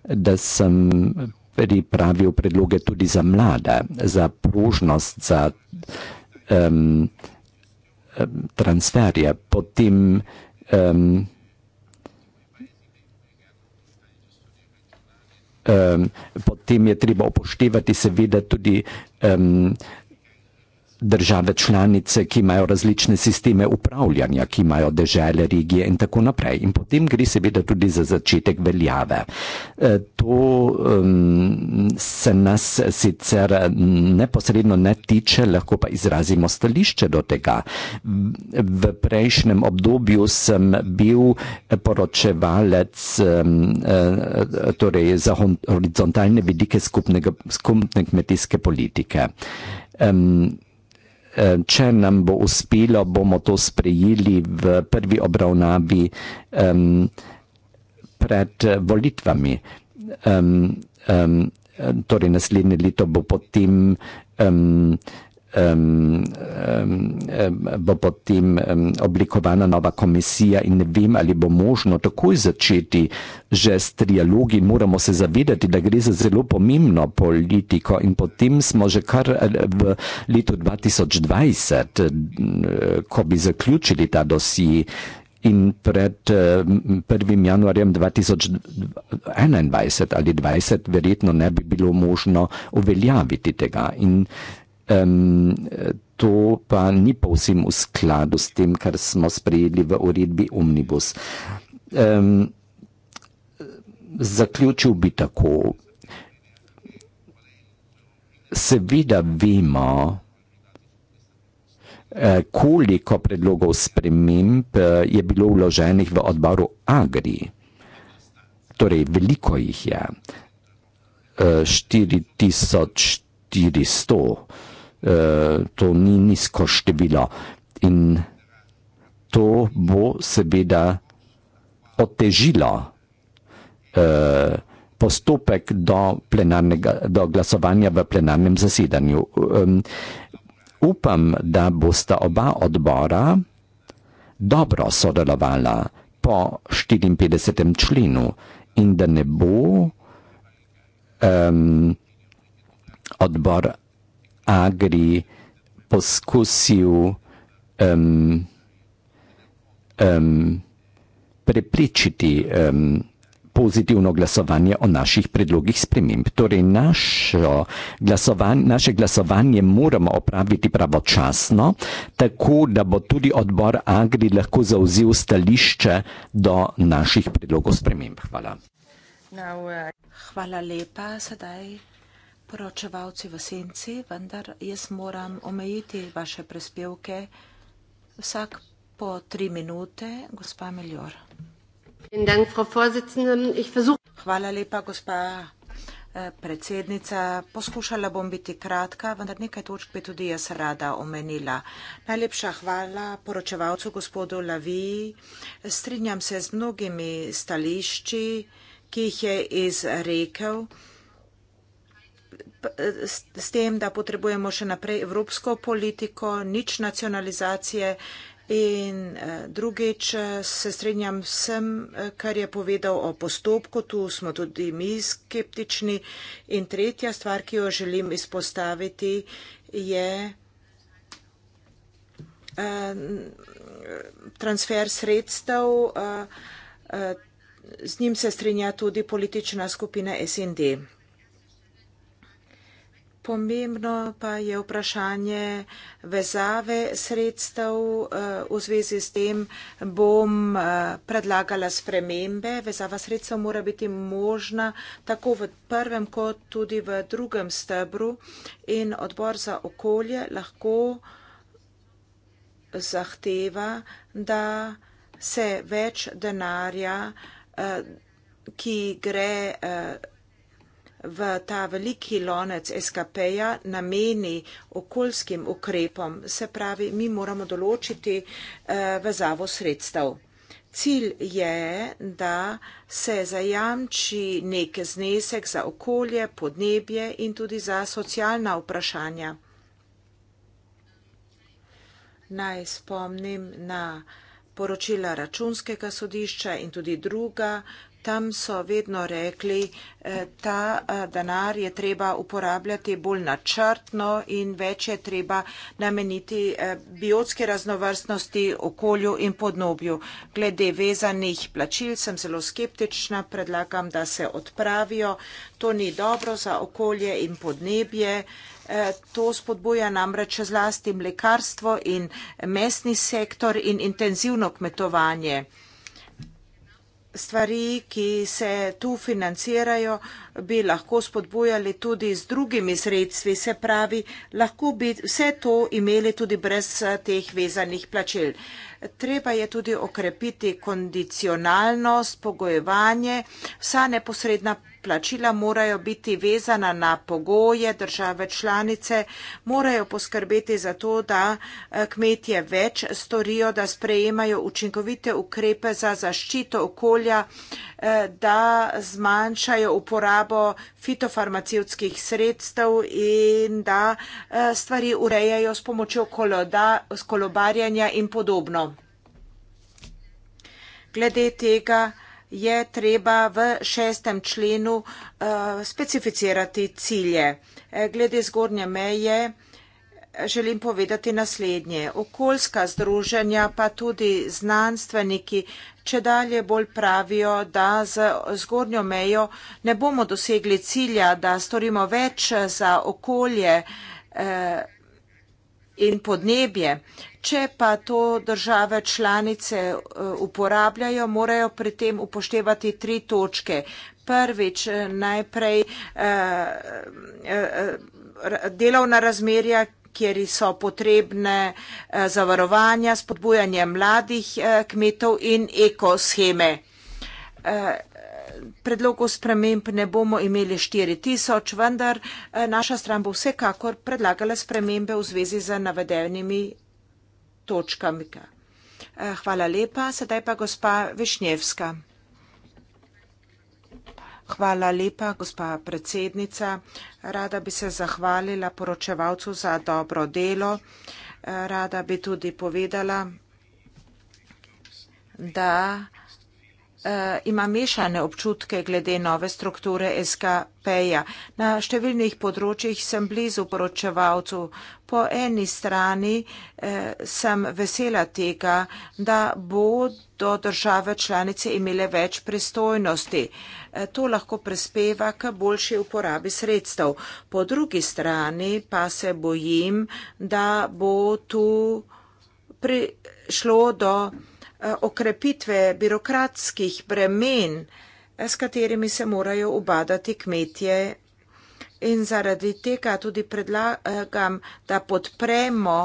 da sem pripravil predloge tudi za mlade, za prožnost, za um, transferje, potem um, um, potem je treba upoštevati seveda tudi um, države članice, ki imajo različne sisteme upravljanja, ki imajo države, regije in tako naprej. In potem gre seveda tudi za začetek veljave. E, to um, se nas sicer neposredno ne tiče, lahko pa izrazimo stališče do tega. V prejšnjem obdobju sem bil poročevalec um, torej za horizontalne vidike skupnega, skupne kmetijske politike. Um, Eh, če nam bo uspelo, bomo to sprejeli v prvi obravnavi um, pred volitvami. Um, um, torej, naslednje leto bo potem. Um, um, um, bo potem um, oblikovana nova komisija in ne vem, ali bo možno takoj začeti že s trialogi. Moramo se zavedati, da gre za zelo pomembno politiko in potem smo že kar eh, v letu 2020, eh, ko bi zaključili ta dosij. In pred 1. januarjem 2021 ali 2020 verjetno ne bi bilo možno uveljaviti tega. In Um, to pa ni povsem v skladu s tem, kar smo sprejeli v uredbi Omnibus. Um, zaključil bi tako. Seveda vemo, eh, koliko predlogov sprememb eh, je bilo vloženih v odboru Agri. Torej, veliko jih je. 4400. Eh, Eh, to ni nizko število. In to bo seveda otežilo eh, postopek do, do glasovanja v plenarnem zasedanju. Upam, da bosta oba odbora dobro sodelovala po 54. členu in da ne bo um, odbor agri poskusil um, um, prepričiti um, pozitivno glasovanje o naših predlogih sprememb. Torej, glasovan, naše glasovanje moramo opraviti pravočasno, tako da bo tudi odbor Agri lahko zauzel stališče do naših predlogov sprememb. Hvala. Now, uh, hvala lepa. Sedaj poročevalci v senci, vendar jaz moram omejiti vaše prispevke vsak po tri minute, gospa Miljor. Hvala lepa, gospa eh, predsednica. Poskušala bom biti kratka, vendar nekaj točk bi tudi jaz rada omenila. Najlepša hvala poročevalcu gospodu Lavi. Strinjam se z mnogimi stališči, ki jih je izrekel s, s tem, da potrebujemo še naprej evropsko politiko, nič nacionalizacije. In eh, drugič eh, se strinjam vsem, eh, kar je povedal o postopku, tu smo tudi mi skeptični. In tretja stvar, ki jo želim izpostaviti, je transfer sredstev. Z njim se strinja tudi politična skupina SND pomembno pa je vprašanje vezave sredstev. Eh, v zvezi s tem bom eh, predlagala spremembe. Vezava sredstev mora biti možna tako v prvem kot tudi v drugem stebru in odbor za okolje lahko zahteva, da se več denarja, eh, ki gre v ta veliki lonec SKP-ja nameni okoljskim ukrepom, se pravi, mi moramo določiti eh, vezavo sredstev. Cilj je, da se zajamči neke znesek za okolje, podnebje in tudi za socialna vprašanja. Naj spomnim na poročila računskega sodišča in tudi druga, tam so vedno rekli, eh, ta eh, denar je treba uporabljati bolj načrtno in več je treba nameniti eh, biotske raznovrstnosti, okolju in podnobju. Glede vezanih plačil sem zelo skeptična, predlagam, da se odpravijo. To ni dobro za okolje in podnebje. To spodbuja namreč zlasti mlekarstvo in mesni sektor in intenzivno kmetovanje stvari, ki se tu financirajo, bi lahko spodbojali tudi z drugimi sredstvi, se pravi, lahko bi vse to imeli tudi brez eh, teh vezanih plačil. Treba je tudi okrepiti kondicionalnost, pogojevanje, vsa neposredna plačila morajo biti vezana na pogoje države članice, morajo poskrbeti za to, da eh, kmetje več storijo, da sprejemajo učinkovite ukrepe za zaščito okolja, eh, da zmanjšajo uporabo uporabo fitofarmacevskih sredstev in da eh, stvari urejajo s pomočjo kolobarjanja in podobno. Glede tega je treba v šestem členu eh, specificirati cilje. Eh, glede zgornje meje, želim povedati naslednje. Okoljska združenja pa tudi znanstveniki če dalje bolj pravijo, da z zgornjo mejo ne bomo dosegli cilja, da storimo več za okolje eh, in podnebje. Če pa to države članice eh, uporabljajo, morajo pri tem upoštevati tri točke. Prvič, eh, najprej delovna razmerja, kjer so potrebne eh, zavarovanja, spodbujanje mladih eh, kmetov in ekosheme. Eh, Predlogu sprememb ne bomo imeli 4000, vendar naša stran bo vsekakor predlagala spremembe v zvezi z navedenimi točkami. Hvala lepa, sedaj pa gospa Višnjevska. Hvala lepa, gospa predsednica. Rada bi se zahvalila poročevalcu za dobro delo. Rada bi tudi povedala, da uh, ima mešane občutke glede nove strukture SKP-ja. Na številnih področjih sem blizu poročevalcu. Po eni strani eh, sem vesela tega, da bodo države članice imele več pristojnosti. Eh, to lahko prispeva k boljši uporabi sredstev. Po drugi strani pa se bojim, da bo tu prišlo do. Eh, Eh, okrepitve birokratskih bremen, eh, s katerimi se morajo obadati kmetje. In zaradi tega tudi predlagam, da podpremo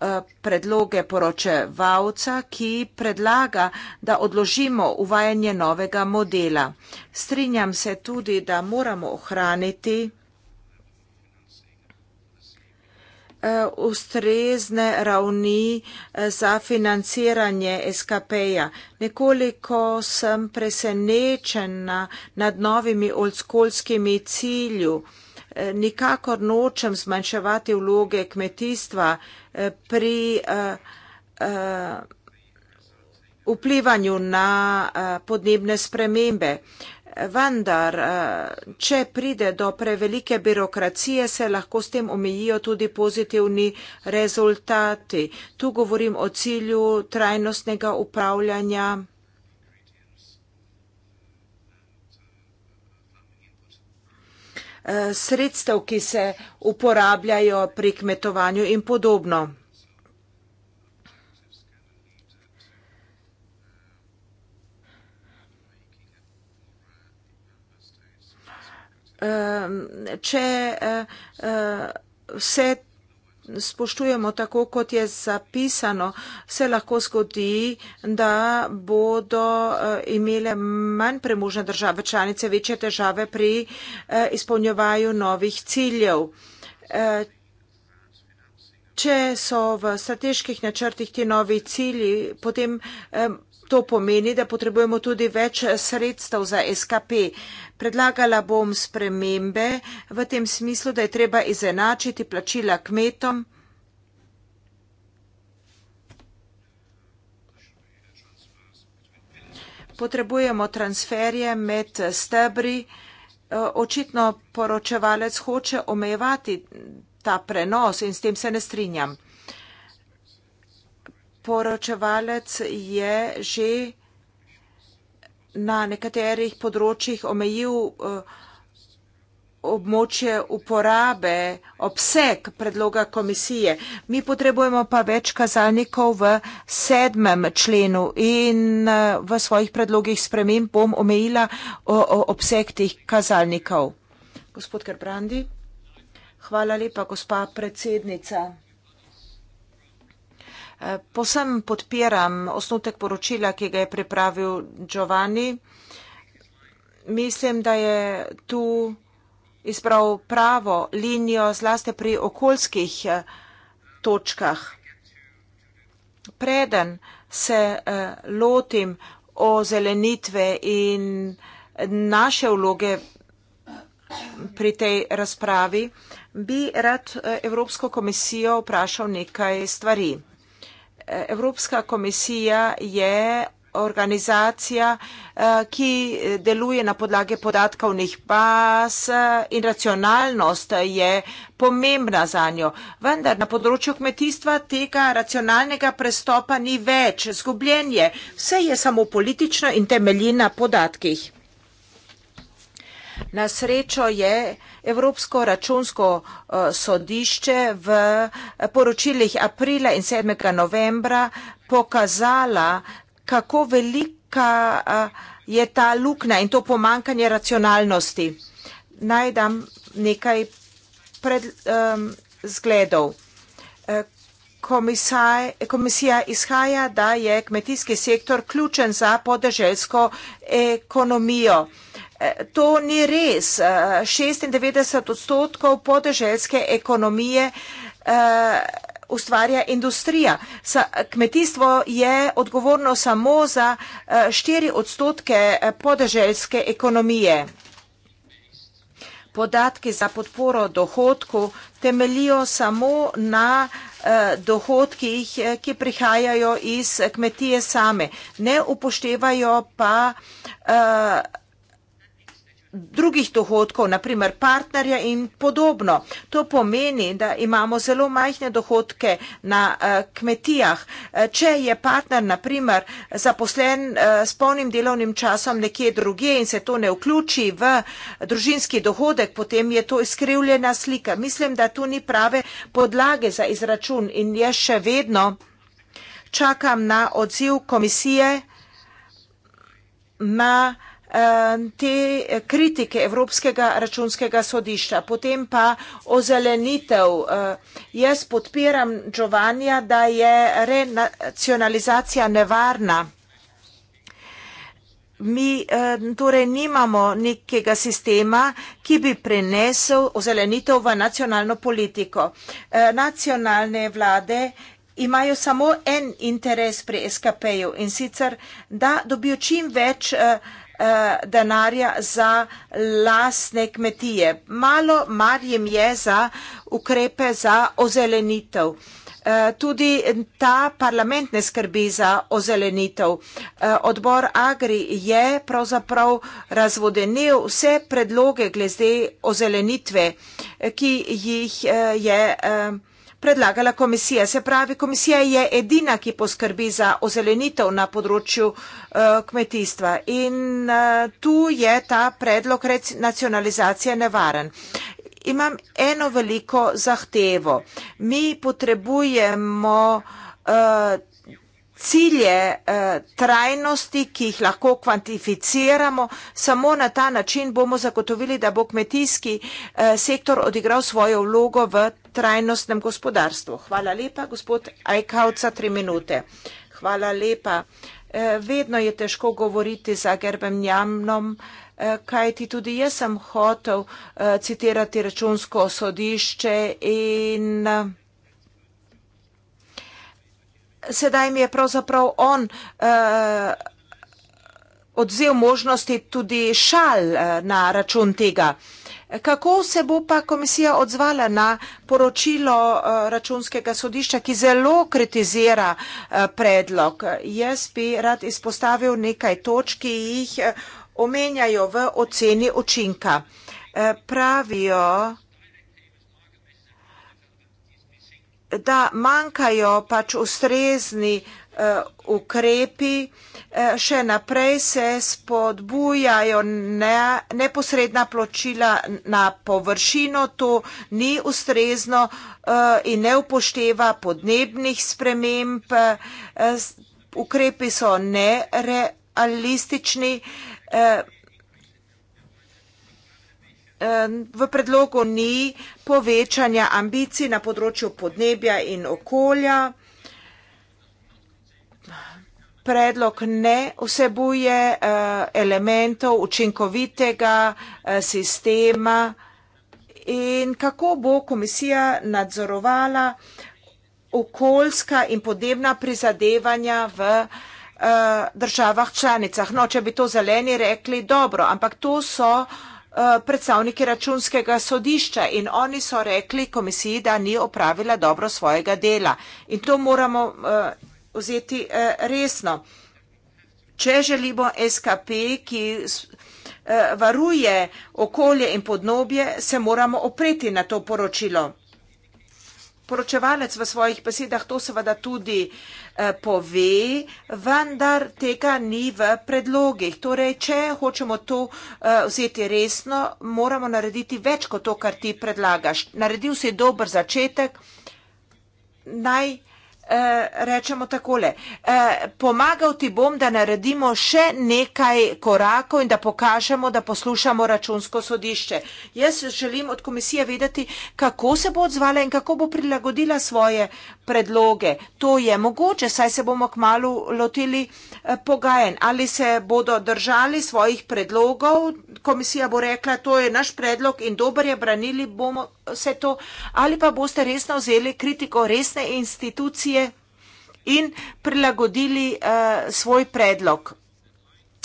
eh, predloge poročevalca, ki predlaga, da odložimo uvajanje novega modela. Strinjam se tudi, da moramo ohraniti Eh, ustrezne ravni eh, za financiranje SKP-ja. Nekoliko sem presenečena nad novimi oldskolskimi cilju. Eh, nikakor nočem zmanjševati vloge kmetijstva pri vplivanju na podnebne spremembe vendar, eh, če pride do prevelike birokracije, se lahko s tem omejijo tudi pozitivni rezultati. Tu govorim o cilju trajnostnega upravljanja. Eh, sredstev, ki se uporabljajo pri kmetovanju in podobno. Ehm, če eh, eh, vse spoštujemo tako, kot je zapisano, se lahko zgodi, da bodo eh, imele manj premožne države članice večje težave pri izpolnjevaju novih ciljev. Če so v strateških načrtih ti novi cilji, potem ehm, To pomeni, da potrebujemo tudi več sredstev za SKP. Predlagala bom spremembe v tem smislu, da je treba izenačiti plačila kmetom. Potrebujemo transferje med stebri. E, očitno poročevalec hoče omejevati ta prenos in s tem se ne strinjam poročevalec je že na nekaterih področjih omejil eh, območje uporabe, obseg predloga komisije. Mi potrebujemo pa več kazalnikov v sedmem členu in eh, v svojih predlogih sprememb bom omejila obseg teh kazalnikov. Gospod Gerbrandi. Hvala lepa, gospa predsednica. Posem podpiram osnutek poročila, ki ga je pripravil Giovanni. Mislim, da je tu izbral pravo linijo, zlasti pri okoljskih eh, točkah. Preden se eh, lotim o zelenitve in naše vloge pri tej razpravi, bi rad eh, Evropsko komisijo vprašal nekaj stvari. Evropska komisija je organizacija, eh, ki deluje na podlage podatkovnih baz eh, in racionalnost je pomembna za njo. Vendar na področju kmetijstva tega racionalnega prestopa ni več. Zgubljen je. Vse je samo politično in temelji na podatkih. Na srečo je Evropsko računsko eh, sodišče v poročilih aprila in 7. novembra pokazala, kako velika eh, je ta lukna in to pomankanje racionalnosti. Najdam nekaj pred, um, zgledov. Eh, komisaj, komisija izhaja, da je kmetijski sektor ključen za podeželsko ekonomijo. Eh, to ni res. 96 eh, odstotkov podeželske ekonomije eh, ustvarja industrija. Kmetijstvo je odgovorno samo za 4 odstotke podeželske ekonomije. Podatki za podporo dohodku temelijo samo na dohodkih, ki prihajajo iz kmetije same. Ne upoštevajo pa dohodkih, drugih dohodkov, naprimer partnerja in podobno. To pomeni, da imamo zelo majhne dohodke na uh, kmetijah. Eh, če je partner, naprimer, zaposlen uh, s polnim delovnim časom nekje druge in se to ne vključi v družinski dohodek, potem je to izkrivljena slika. Mislim, da tu ni prave podlage za izračun in je še vedno. Čakam na odziv komisije na. Um, te kritike Evropskega računskega sodišča, potem pa ozelenitev. Uh, jaz podpiram Giovanja, da je renacionalizacija nevarna. Mi um, torej nimamo nekega sistema, ki bi prenesel ozelenitev v nacionalno politiko. Uh, nacionalne vlade imajo samo en interes pri SKP-ju in sicer, da dobijo čim več uh, eh, denarja za lasne kmetije. Malo mar jim je za ukrepe za ozelenitev. Eh, tudi ta parlament ne skrbi za ozelenitev. Eh, odbor Agri je pravzaprav razvodenil vse predloge glede ozelenitve, ki jih eh, je. Eh, predlagala komisija. Se pravi, komisija je edina, ki poskrbi za ozelenitev na področju uh, kmetijstva. In uh, tu je ta predlog nacionalizacije nevaren. Imam eno veliko zahtevo. Mi potrebujemo. Uh, Cilje eh, trajnosti, ki jih lahko kvantificiramo, samo na ta način bomo zagotovili, da bo kmetijski eh, sektor odigral svojo vlogo v trajnostnem gospodarstvu. Hvala lepa, gospod Ajkavca, tri minute. Hvala lepa. Eh, vedno je težko govoriti za gerbem njamnom, eh, kaj ti tudi jaz sem hotel eh, citirati računsko sodišče in sedaj mi je pravzaprav on odzel možnosti tudi šal na račun tega. Kako se bo pa komisija odzvala na poročilo eh, računskega sodišča, ki zelo kritizira eh, predlog? Jaz bi rad izpostavil nekaj točk, ki jih eh, omenjajo v oceni učinka. Pravijo, da manjkajo pač ustrezni Eh, ukrepi. Eh, še naprej se spodbujajo ne, neposredna pločila na površino, to ni ustrezno eh, in ne upošteva podnebnih sprememb. Ukrepi so nerealistični. V predlogu ni povečanja ambicij na področju podnebja in okolja predlog ne vsebuje eh, elementov učinkovitega eh, sistema in kako bo komisija nadzorovala okoljska in podnebna prizadevanja v eh, državah članicah. No, če bi to zeleni rekli, dobro, ampak to so predstavniki računskega sodišča in oni so rekli komisiji, da ni opravila dobro svojega dela. In to moramo vzeti eh, resno. Če želimo SKP, ki eh, varuje okolje in podnobje, se moramo opreti na to poročilo. Poročevalec v svojih besedah to seveda tudi eh, pove, vendar tega ni v predlogih. Torej, če hočemo to vzeti resno, moramo narediti več kot to, kar ti predlagaš. Naredil si dober začetek, najprej. Eh, rečemo takole. Eh, Pomagal ti bom, da naredimo še nekaj korakov in da pokažemo, da poslušamo računsko sodišče. Jaz želim od komisije vedeti, kako se bo odzvala in kako bo prilagodila svoje predloge. To je mogoče, saj se bomo k malu lotili eh, pogajen. Ali se bodo držali svojih predlogov, komisija bo rekla, to je naš predlog in dober je, branili bomo vse to, ali pa boste resno vzeli kritiko resne institucije in prilagodili uh, svoj predlog.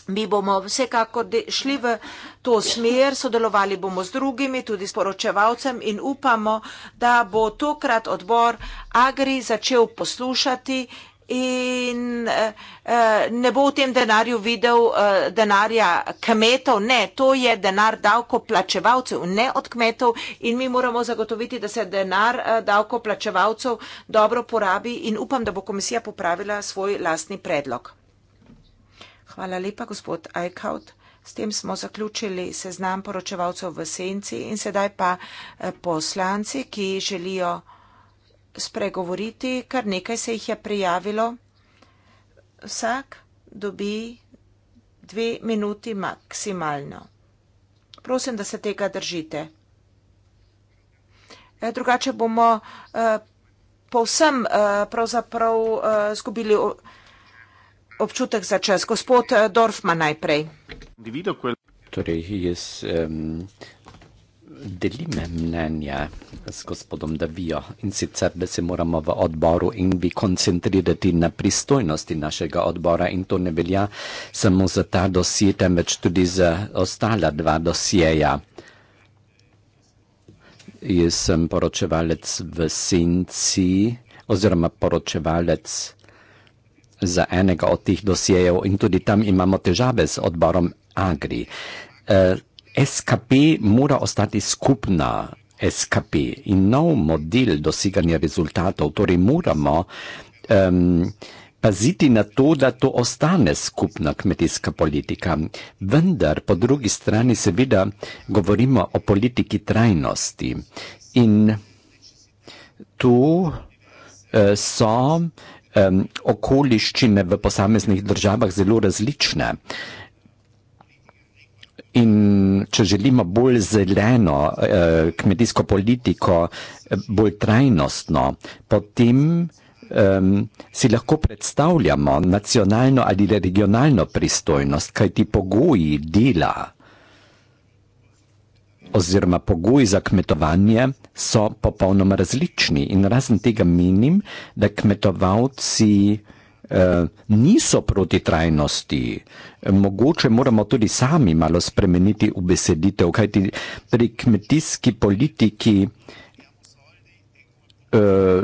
Mi bomo vsekako šli v to smer, sodelovali bomo z drugimi, tudi s poročevalcem in upamo, da bo tokrat odbor Agri začel poslušati uh, in eh, eh, ne bo v tem denarju videl eh, denarja kmetov. Ne, to je denar davkoplačevalcev, ne od kmetov in mi moramo zagotoviti, da se denar davkoplačevalcev dobro porabi in upam, da bo komisija popravila svoj lastni predlog. Hvala lepa, gospod Eichhout. S tem smo zaključili seznam poročevalcev v senci in sedaj pa poslanci, ki želijo spregovoriti, kar nekaj se jih je prijavilo. Vsak dobi dve minuti maksimalno. Prosim, da se tega držite. E, drugače bomo uh, povsem uh, pravzaprav uh, zgubili občutek za čas. Gospod Dorfman najprej. Torej, jaz um, delime mnenje s gospodom Davijo in sicer, da se moramo v odboru in bi koncentrirati na pristojnosti našega odbora in to ne velja samo za ta dosje, temveč tudi za ostala dva dosjeja. Jaz sem poročevalec v Sinci oziroma poročevalec za enega od tih dosjejev in tudi tam imamo težave z odborom Agri. Eh, SKP mora ostati skupna SKP in nov model doseganja rezultatov. Torej moramo um, paziti na to, da to ostane skupna kmetijska politika. Vendar po drugi strani seveda govorimo o politiki trajnosti in tu uh, so um, okoliščine v posameznih državah zelo različne. Uh, In če želimo bolj zeleno eh, kmetijsko politiko, eh, bolj trajnostno, potem eh, si lahko predstavljamo nacionalno ali regionalno pristojnost, kaj ti pogoji dela oziroma pogoji za kmetovanje so popolnoma različni. In razen tega menim, da kmetovalci eh, Eh, niso proti trajnosti. Mogoče moramo tudi sami malo spremeniti ubeseditev, kajti pri kmetijski politiki eh,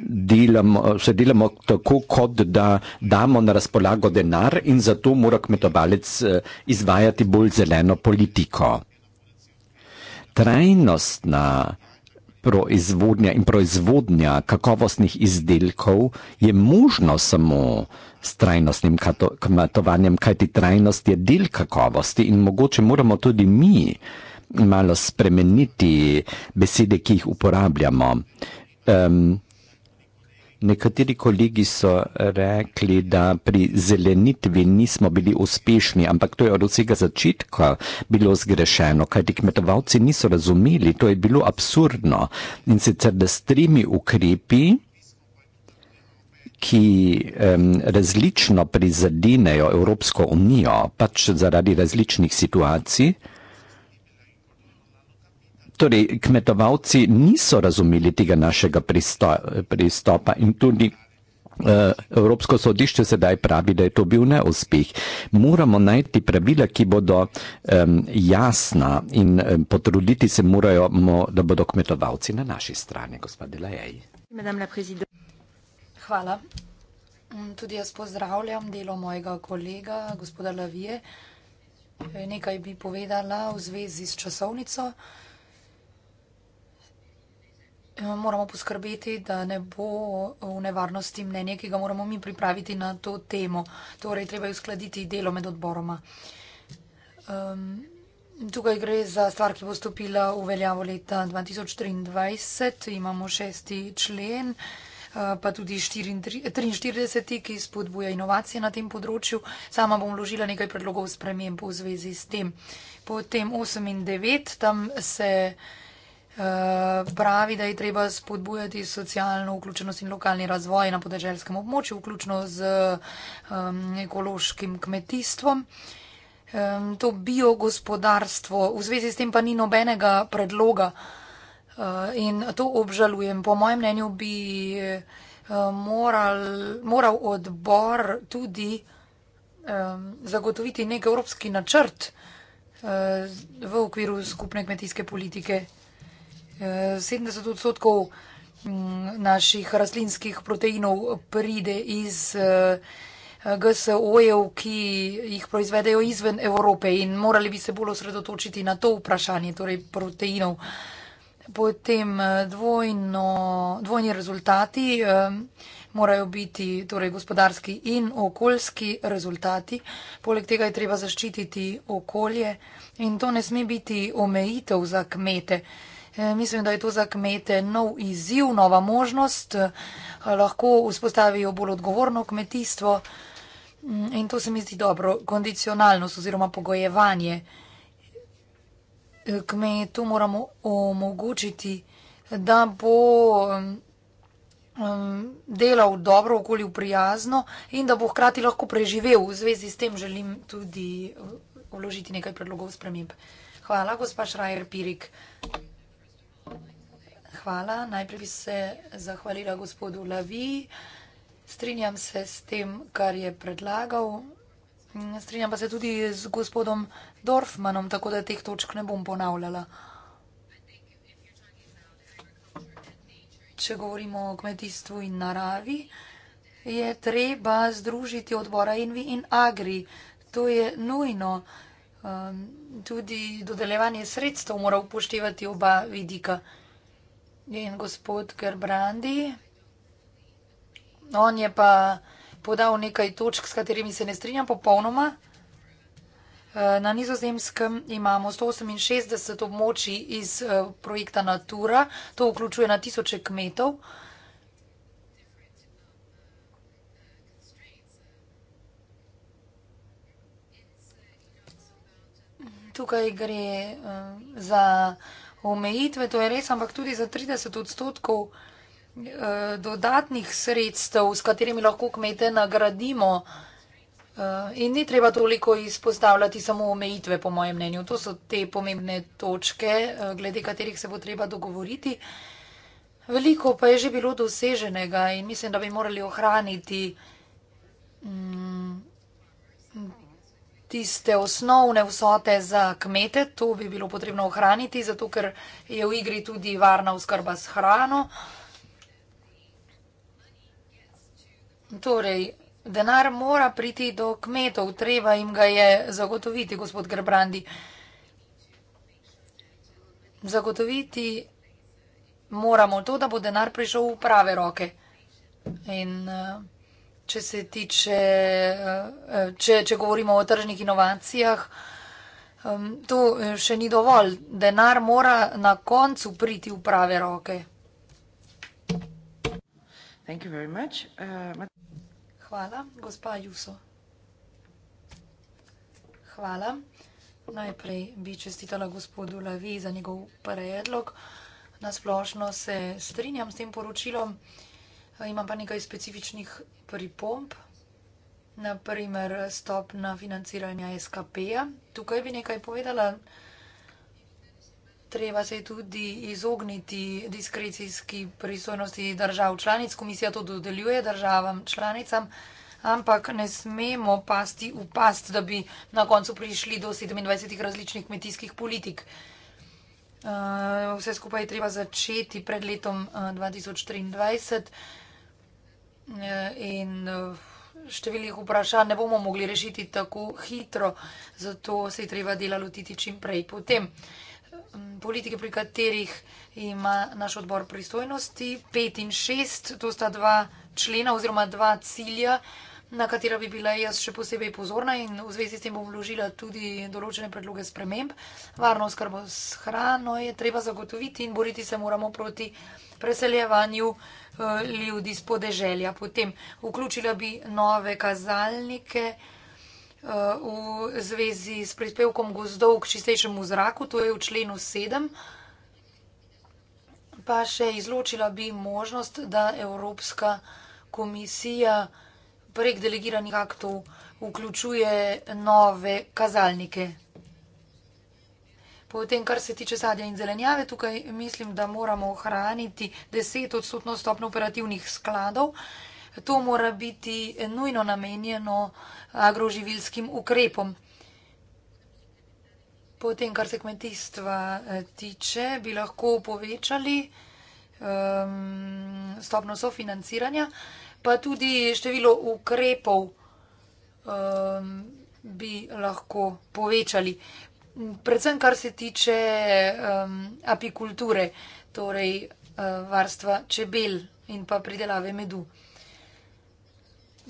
delamo, se delamo tako, kot da damo na razpolago denar in zato mora kmetovalec eh, izvajati bolj zeleno politiko. Trajnostna proizvodnja in proizvodnja kakovostnih izdelkov je možno samo s trajnostnim kmetovanjem, kajti trajnost je del kakovosti in mogoče moramo tudi mi malo spremeniti besede, ki jih uporabljamo. Um, Nekateri kolegi so rekli, da pri zelenitvi nismo bili uspešni, ampak to je od vsega začetka bilo zgrešeno, kajti kmetovalci niso razumeli, to je bilo absurdno. In sicer, da s tremi ukrepi, ki um, različno prizadinejo Evropsko unijo, pač zaradi različnih situacij, Torej, kmetovalci niso razumeli tega našega pristopa in tudi eh, Evropsko sodišče sedaj pravi, da je to bil neuspeh. Moramo najti pravila, ki bodo um, jasna in um, potruditi se morajo, da bodo kmetovalci na naši strani, gospod Delajej. Hvala. Mm, tudi jaz pozdravljam delo mojega kolega, gospoda Lavije. E, nekaj bi povedala v zvezi s časovnico. Eh, moramo poskrbeti, da ne bo eh, v nevarnosti mnenje, ki ga moramo mi pripraviti na to temo. Torej, treba je uskladiti delo med odboroma. Um, tukaj gre za stvar, ki bo stopila v veljavo leta 2023. Imamo šesti člen, eh, pa tudi 43, ki spodbuja inovacije na tem področju. Sama bom vložila nekaj predlogov sprememb v zvezi s tem. Potem 8 in 9, tam se. Eh, pravi, da je treba spodbujati socialno vključenost in lokalni razvoj na podeželskem območju, vključno z um, ekološkim kmetijstvom. Um, to biogospodarstvo, v zvezi s tem pa ni nobenega predloga uh, in to obžalujem. Po mojem mnenju bi uh, moral, moral odbor tudi um, zagotoviti nek evropski načrt uh, v okviru skupne kmetijske politike 70 odstotkov mm, naših rastlinskih proteinov pride iz eh, GSO-jev, ki jih proizvedejo izven Evrope in morali bi se bolj osredotočiti na to vprašanje, torej proteinov. Potem eh, dvojno, dvojni rezultati eh, morajo biti torej gospodarski in okoljski rezultati. Poleg tega je treba zaščititi okolje in to ne sme biti omejitev za kmete. E, mislim, da je to za kmete nov izziv, nova možnost, e, lahko vzpostavijo bolj odgovorno kmetijstvo mm, in to se mi zdi dobro, kondicionalnost oziroma pogojevanje. E, kmetu moramo omogočiti, da bo delal dobro okolju prijazno in da bo hkrati lahko preživel. V zvezi s tem želim tudi vložiti nekaj predlogov sprememb. Hvala, gospa Šrajer Pirik hvala. Najprej bi se zahvalila gospodu Lavi. Strinjam se s tem, kar je predlagal. Strinjam pa se tudi z gospodom Dorfmanom, tako da teh točk ne bom ponavljala. Če govorimo o kmetijstvu in naravi, je treba združiti odbora Invi in Agri. To je nujno. Ehm, tudi dodelevanje sredstev mora upoštevati oba vidika in gospod Gerbrandi. On je pa podal nekaj točk, s katerimi se ne strinjam popolnoma. E, na nizozemskem imamo 168 območij iz e, projekta Natura, to vključuje na tisoče kmetov. Tukaj gre e, za vsega, omejitve, to je res, ampak tudi za 30 odstotkov eh, dodatnih sredstev, s katerimi lahko kmete nagradimo. Eh, in ni treba toliko izpostavljati samo omejitve, po mojem mnenju. To so te pomembne točke, eh, glede katerih se bo treba dogovoriti. Veliko pa je že bilo doseženega in mislim, da bi morali ohraniti mm, tiste osnovne vsote za kmete, to bi bilo potrebno ohraniti, zato ker je v igri tudi varna oskrba s hrano. Torej, denar mora priti do kmetov, treba jim ga je zagotoviti, gospod Gerbrandi. Zagotoviti moramo to, da bo denar prišel v prave roke. In, uh, če se tiče, eh, eh, če, če govorimo o tržnih inovacijah, tu eh, še ni dovolj. Denar mora na koncu priti v prave roke. Hvala, gospa Juso. Hvala. Najprej bi čestitala gospodu Lavi za njegov predlog. Nasplošno se strinjam s tem poročilom. Eh, imam pa nekaj specifičnih pripomp, naprimer stopna financiranja SKP-ja. Tukaj bi nekaj povedala, treba se tudi izogniti diskrecijski pristojnosti držav članic. Komisija to dodeljuje državam članicam, ampak ne smemo pasti v past, da bi na koncu prišli do 27 različnih kmetijskih politik. Eh, vse skupaj je treba začeti pred letom 2023. Eh, in eh, številnih vprašanj ne bomo mogli rešiti tako hitro, zato se je treba dela lotiti čim prej. Potem, mm, politike, pri katerih ima naš odbor pristojnosti, pet in šest, to sta dva člena oziroma dva cilja, na katero bi bila jaz še posebej pozorna in v zvezi s tem bom vložila tudi določene predloge sprememb. Varno skrbo s hrano je treba zagotoviti in boriti se moramo proti preseljevanju eh, ljudi iz podeželja. Potem vključila bi nove kazalnike eh, v zvezi s prispevkom gozdov k čistejšemu zraku, to je v členu 7. Pa še izločila bi možnost, da Evropska komisija. Torej prek delegiranih aktov vključuje nove kazalnike. Potem, kar se tiče sadja in zelenjave, tukaj mislim, da moramo ohraniti 10 odstotno stopno operativnih skladov. To mora biti nujno namenjeno agroživilskim ukrepom. Potem, kar se kmetijstva eh, tiče, bi lahko povečali um, ehm, stopno sofinanciranja pa tudi število ukrepov um, bi lahko povečali. Predvsem, kar se tiče um, apikulture, torej uh, varstva čebel in pa pridelave medu.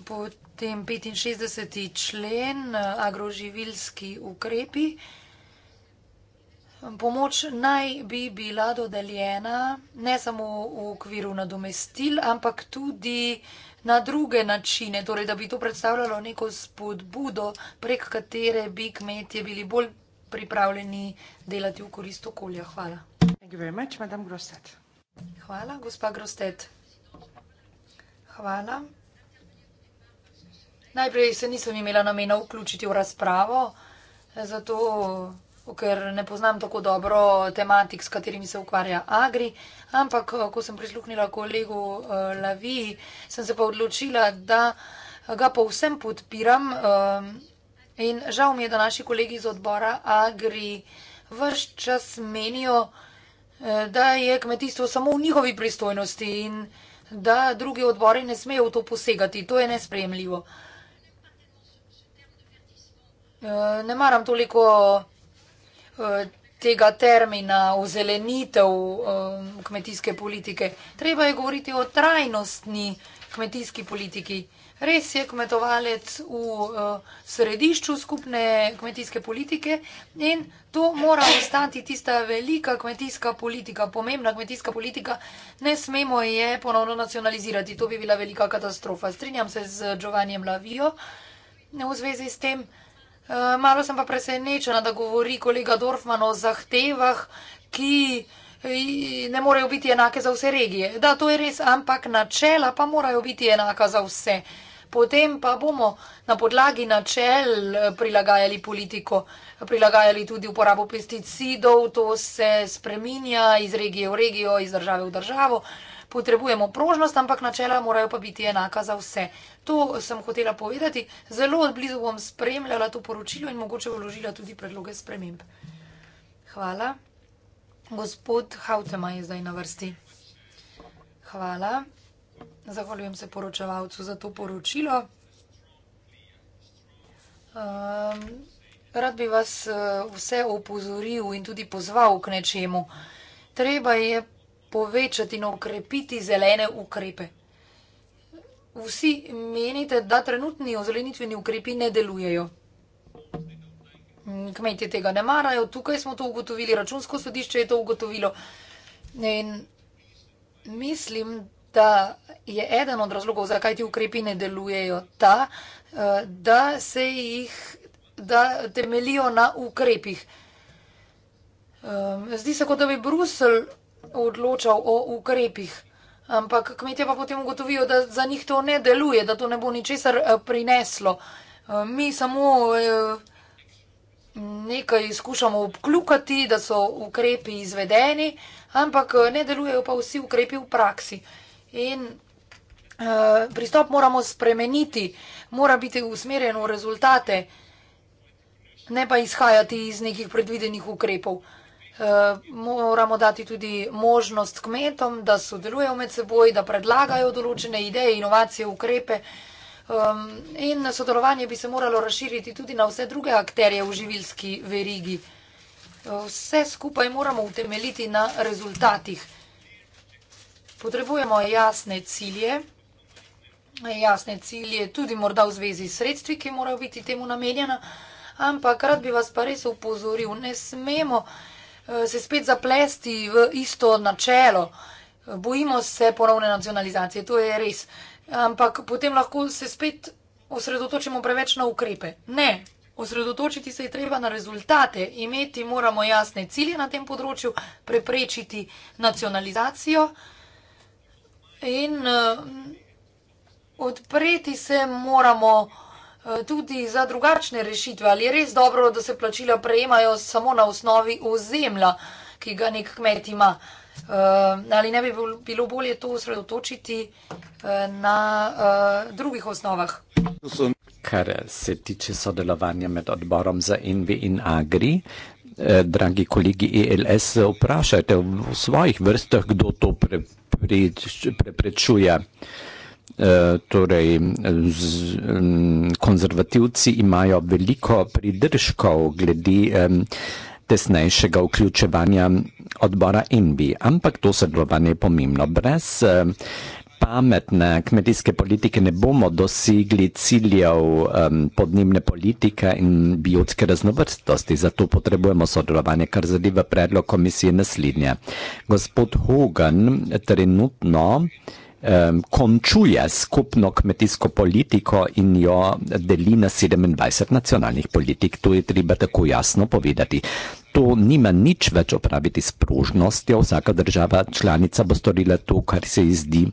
Potem 65. člen, uh, agroživilski ukrepi. Uh, Pomoč naj bi bila dodeljena ne samo v okviru nadomestil, ampak tudi na druge načine, torej da bi to predstavljalo neko spodbudo, prek katere bi kmetje bili bolj pripravljeni delati v korist okolja. Hvala. Hvala, gospa Grostet. Hvala. Najprej se nisem imela namena vključiti v razpravo, zato ker ne poznam tako dobro tematik, s katerimi se ukvarja Agri, ampak eh, ko sem prisluhnila kolegu eh, Lavi, sem se pa odločila, da ga pa vsem podpiram eh, in žal mi je, da naši kolegi iz odbora Agri vrš čas menijo, da je kmetijstvo samo v njihovi pristojnosti in da drugi odbori ne smejo v to posegati. To je nespremljivo. Ne maram toliko vrši, tega termina ozelenitev um, kmetijske politike. Treba je govoriti o trajnostni kmetijski politiki. Res je kmetovalec v uh, središču skupne kmetijske politike in to mora ostati tista velika kmetijska politika, pomembna kmetijska politika. Ne smemo je ponovno nacionalizirati, to bi bila velika katastrofa. Strinjam se z Giovanjem Lavijo v zvezi s tem, da Eh, malo sem pa presenečena, da govori kolega Dorfman o zahtevah, ki eh, ne morejo biti enake za vse regije. Da, to je res, ampak načela pa morajo biti enaka za vse. Potem pa bomo na podlagi načel eh, prilagajali politiko, prilagajali tudi uporabo pesticidov, to se spreminja iz regije v regijo, iz države v državo potrebujemo prožnost, ampak načela morajo pa biti enaka za vse. To sem hotela povedati. Zelo odblizu bom spremljala to poročilo in mogoče vložila tudi predloge sprememb. Hvala. Gospod Hautema je zdaj na vrsti. Hvala. Zahvaljujem se poročevalcu za to poročilo. Um, rad bi vas eh, vse opozoril in tudi pozval k nečemu. Treba je povečati in ukrepiti zelene ukrepe. Vsi menite, da trenutni ozelenitveni ukrepi ne delujejo. Kmetje tega ne marajo, tukaj smo to ugotovili, računsko sodišče je to ugotovilo. In mislim, da je eden od razlogov, zakaj ti ukrepi ne delujejo, ta, eh, da se jih da temelijo na ukrepih. Ehm, zdi se, kot da bi Brusel odločal o ukrepih. Ampak kmetje pa potem ugotovijo, da za njih to ne deluje, da to ne bo ničesar eh, prineslo. Eh, mi samo eh, nekaj skušamo obkljukati, da so ukrepi izvedeni, ampak ne delujejo pa vsi ukrepi v praksi. In pristop moramo spremeniti, mora biti usmerjen v rezultate, ne pa izhajati iz nekih predvidenih ukrepov. Eh, moramo dati tudi možnost kmetom, da sodelujejo med seboj, da predlagajo določene ideje, inovacije, ukrepe. Ehm, in sodelovanje bi se moralo razširiti tudi na vse druge akterje v živilski verigi. Eh, vse skupaj moramo utemeliti na rezultatih. Potrebujemo jasne cilje, jasne cilje tudi morda v zvezi s sredstvi, ki morajo biti temu namenjena, ampak rad bi vas pa res upozoril, ne smemo, da se ne smemo, Eh, se spet zaplesti v isto načelo. Bojimo se ponovne nacionalizacije, to je res. Ampak potem lahko se spet osredotočimo preveč na ukrepe. Ne, osredotočiti se je treba na rezultate, imeti moramo jasne cilje na tem področju, preprečiti nacionalizacijo in eh, odpreti se moramo. Eh, tudi za drugačne rešitve. Ali je res dobro, da se plačila prejemajo samo na osnovi ozemlja, ki ga nek kmet ima? Eh, ali ne bi bilo bolje to osredotočiti eh, na drugih osnovah? Kar se tiče sodelovanja med odborom za NV in Agri, dragi kolegi ELS, vprašajte v svojih vrstah, kdo to preprečuje. Pre, pre, pre, pre, pre, pre, pre, pre, Eh, torej z, um, konzervativci imajo veliko pridržkov glede um, tesnejšega vključevanja odbora Envi, ampak to sodelovanje je pomembno. Brez um, pametne kmetijske politike ne bomo dosegli ciljev um, podnebne politike in biotske raznovrstnosti, zato potrebujemo sodelovanje, kar zadeva predlog komisije naslednje. Gospod Hogan trenutno končuje skupno kmetijsko politiko in jo deli na 27 nacionalnih politik. To je treba tako jasno povedati. To nima nič več opraviti s prožnostjo, vsaka država članica bo storila to, kar se ji zdi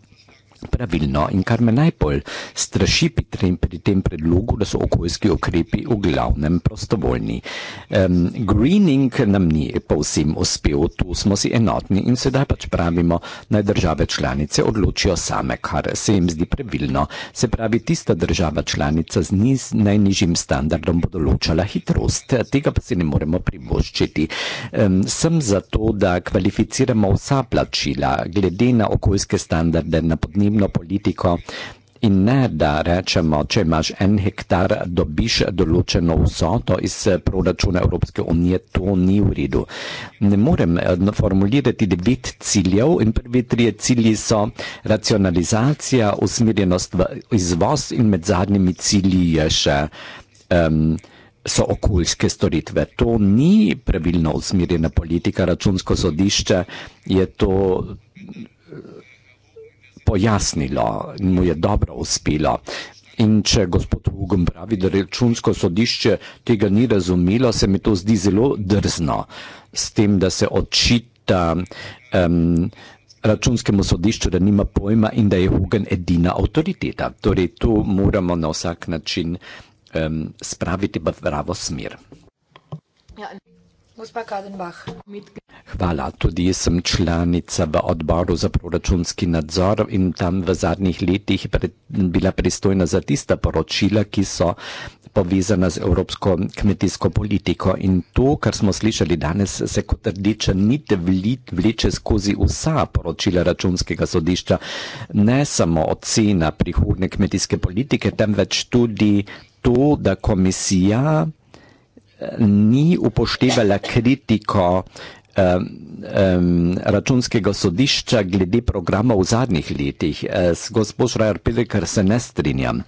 pravilno. In kar me najbolj straši pri tem predlogu, da so okoljski okrepi v glavnem prostovoljni. Um, greening nam ni povsem uspel, tu smo si enotni in sedaj pač pravimo, naj države članice odločijo same, kar se jim zdi pravilno. Se pravi, tista država članica z niz, najnižjim standardom bo določala hitrost, tega pa si ne moremo privoščiti. Um, sem zato, da kvalificiramo vsa plačila glede na okoljske standarde na podnebje osebno politiko. In ne, da rečemo, če imaš en hektar, dobiš določeno vsoto iz eh, proračuna Evropske unije, to ni v redu. Ne morem eh, formulirati devet ciljev in prvi trije cilji so racionalizacija, usmerjenost v izvoz in med zadnjimi cilji je še. Um, So okoljske storitve. To ni pravilno usmerjena politika, računsko sodišče je to pojasnilo in mu je dobro uspelo. In če gospod Hugen pravi, da računsko sodišče tega ni razumelo, se mi to zdi zelo drzno, s tem, da se očita um, računskemu sodišču, da nima pojma in da je Hugen edina avtoriteta. Torej, to moramo na vsak način um, spraviti v pravo smer. Ja. Gospa Kadenbach. Hvala. Tudi jaz sem članica v odboru za proračunski nadzor in tam v zadnjih letih pred, bila pristojna za tista poročila, ki so povezana z evropsko kmetijsko politiko. In to, kar smo slišali danes, se kot rdeča nit vleče skozi vsa poročila računskega sodišča. Ne samo ocena prihodne kmetijske politike, temveč tudi to, da komisija eh, ni upoštevala kritiko računskega sodišča glede programa v zadnjih letih. E, s gospod Šrajar Pedekar se ne strinjam.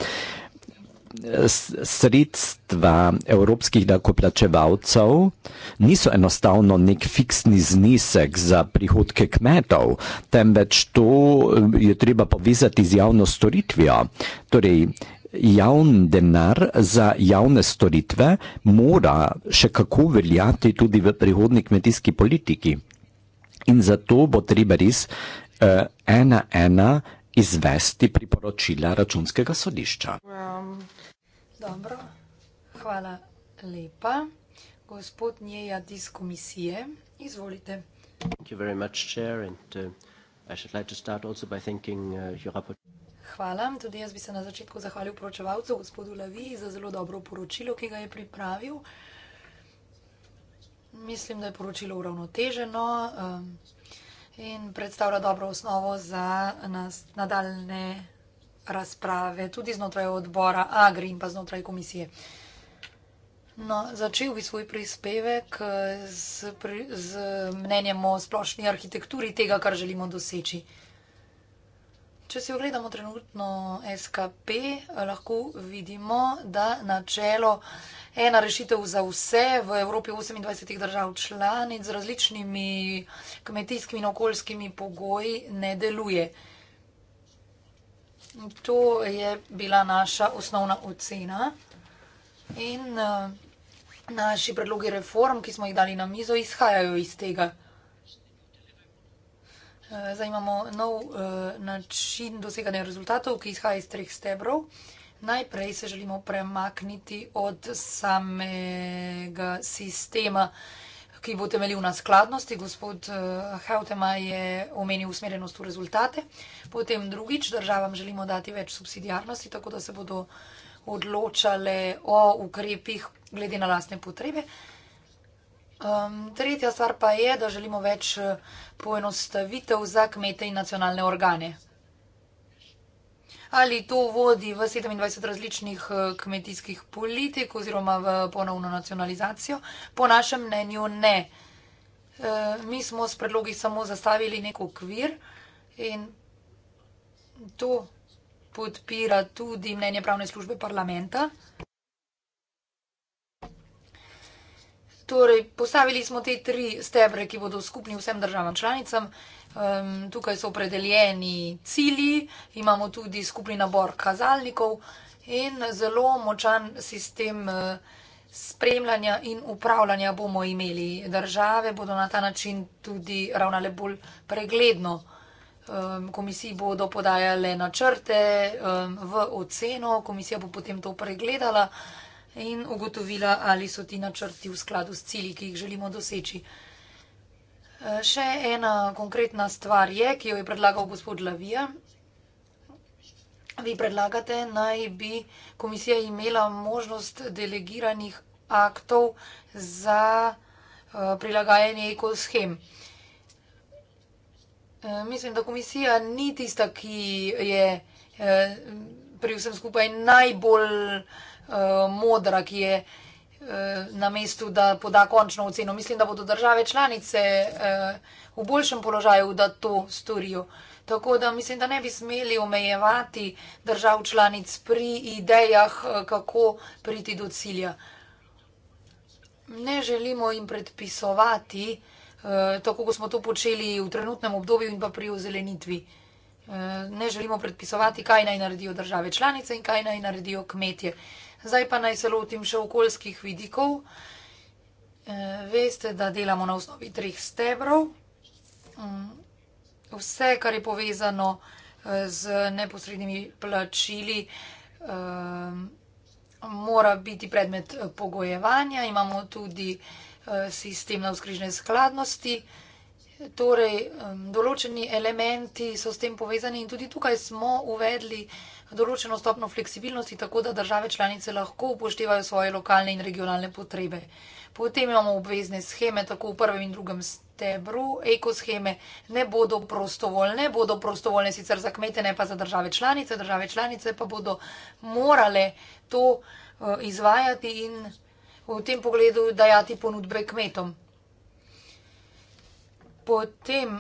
Sredstva evropskih dakoplačevalcev niso enostavno nek fiksni znesek za prihodke kmetov, temveč to e, je treba povezati z javno storitvijo. Torej, javni denar za javne storitve mora še kako veljati tudi v prihodni kmetijski politiki. In zato bo treba res uh, ena ena izvesti priporočila računskega sodišča. Um, dobro, hvala lepa. Gospod Njejad iz komisije, izvolite. Thank you very much, chair, and uh, I should like to start also by thanking uh, your rapporteur. Hvala. Tudi jaz bi se na začetku zahvalil poročevalcu, gospodu Levi, za zelo dobro poročilo, ki ga je pripravil. Mislim, da je poročilo uravnoteženo eh, in predstavlja dobro osnovo za nas nadaljne razprave, tudi znotraj odbora Agri in pa znotraj komisije. No, začel bi svoj prispevek z, eh, pri, z mnenjem o splošni arhitekturi tega, kar želimo doseči. Uh, Če si ogledamo trenutno SKP, lahko vidimo, da načelo ena rešitev za vse v Evropi 28 držav članic z različnimi kmetijskimi in okoljskimi pogoji ne deluje. To je bila naša osnovna ocena in eh, naši predlogi reform, ki smo jih dali na mizo, izhajajo iz tega. Eh, zdaj imamo nov eh, način doseganja rezultatov, ki izhaja iz treh stebrov. Najprej se želimo premakniti od samega sistema, ki bo temeljil na skladnosti. Gospod Heutema eh, je omenil usmerjenost v rezultate. Potem drugič državam želimo dati več subsidijarnosti, tako da se bodo odločale o ukrepih glede na lastne potrebe. Um, tretja stvar pa je, da želimo več eh, poenostavitev za kmete in nacionalne organe. Ali to vodi v 27 različnih eh, kmetijskih politik oziroma v ponovno nacionalizacijo? Po našem mnenju ne. E, mi smo s predlogi samo zastavili nek okvir in to podpira tudi mnenje pravne službe parlamenta. Torej, postavili smo te tri stebre, ki bodo skupni vsem državam članicam. Um, tukaj so opredeljeni cilji, imamo tudi skupni nabor kazalnikov in zelo močan sistem eh, spremljanja in upravljanja bomo imeli. Države bodo na ta način tudi ravnale bolj pregledno. Um, komisiji bodo podajale načrte um, v oceno, komisija bo potem to pregledala in ugotovila, ali so ti načrti v skladu s cilji, ki jih želimo doseči. E, še ena konkretna stvar je, ki jo je predlagal gospod Lavija. Vi predlagate, naj bi komisija imela možnost delegiranih aktov za e, prilagajanje ekoshem. E, mislim, da komisija ni tista, ki je pri vsem skupaj najbolj Eh, modra, ki je eh, na mestu, da poda končno oceno. Mislim, da bodo države članice eh, v boljšem položaju, da to storijo. Tako da mislim, da ne bi smeli omejevati držav članic pri idejah, kako priti do cilja. Ne želimo jim predpisovati, tako kot smo to počeli v trenutnem obdobju in pa pri ozelenitvi. Ne želimo predpisovati, kaj naj naredijo države članice in kaj naj naredijo kmetje. Zdaj pa naj se lotim še okoljskih vidikov. Eh, veste, da delamo na osnovi treh stebrov. Mm, vse, kar je povezano eh, z neposrednimi plačili, eh, mora biti predmet pogojevanja. Imamo tudi sistem na vzkrižne skladnosti, Torej, določeni elementi so s tem povezani in tudi tukaj smo uvedli določeno stopno fleksibilnosti, tako da države članice lahko upoštevajo svoje lokalne in regionalne potrebe. Potem imamo obvezne scheme, tako v prvem in drugem stebru. Ekoscheme ne bodo prostovoljne, bodo prostovoljne sicer za kmete, ne pa za države članice. Države članice pa bodo morale to eh, izvajati in v tem pogledu dajati ponudbe kmetom potem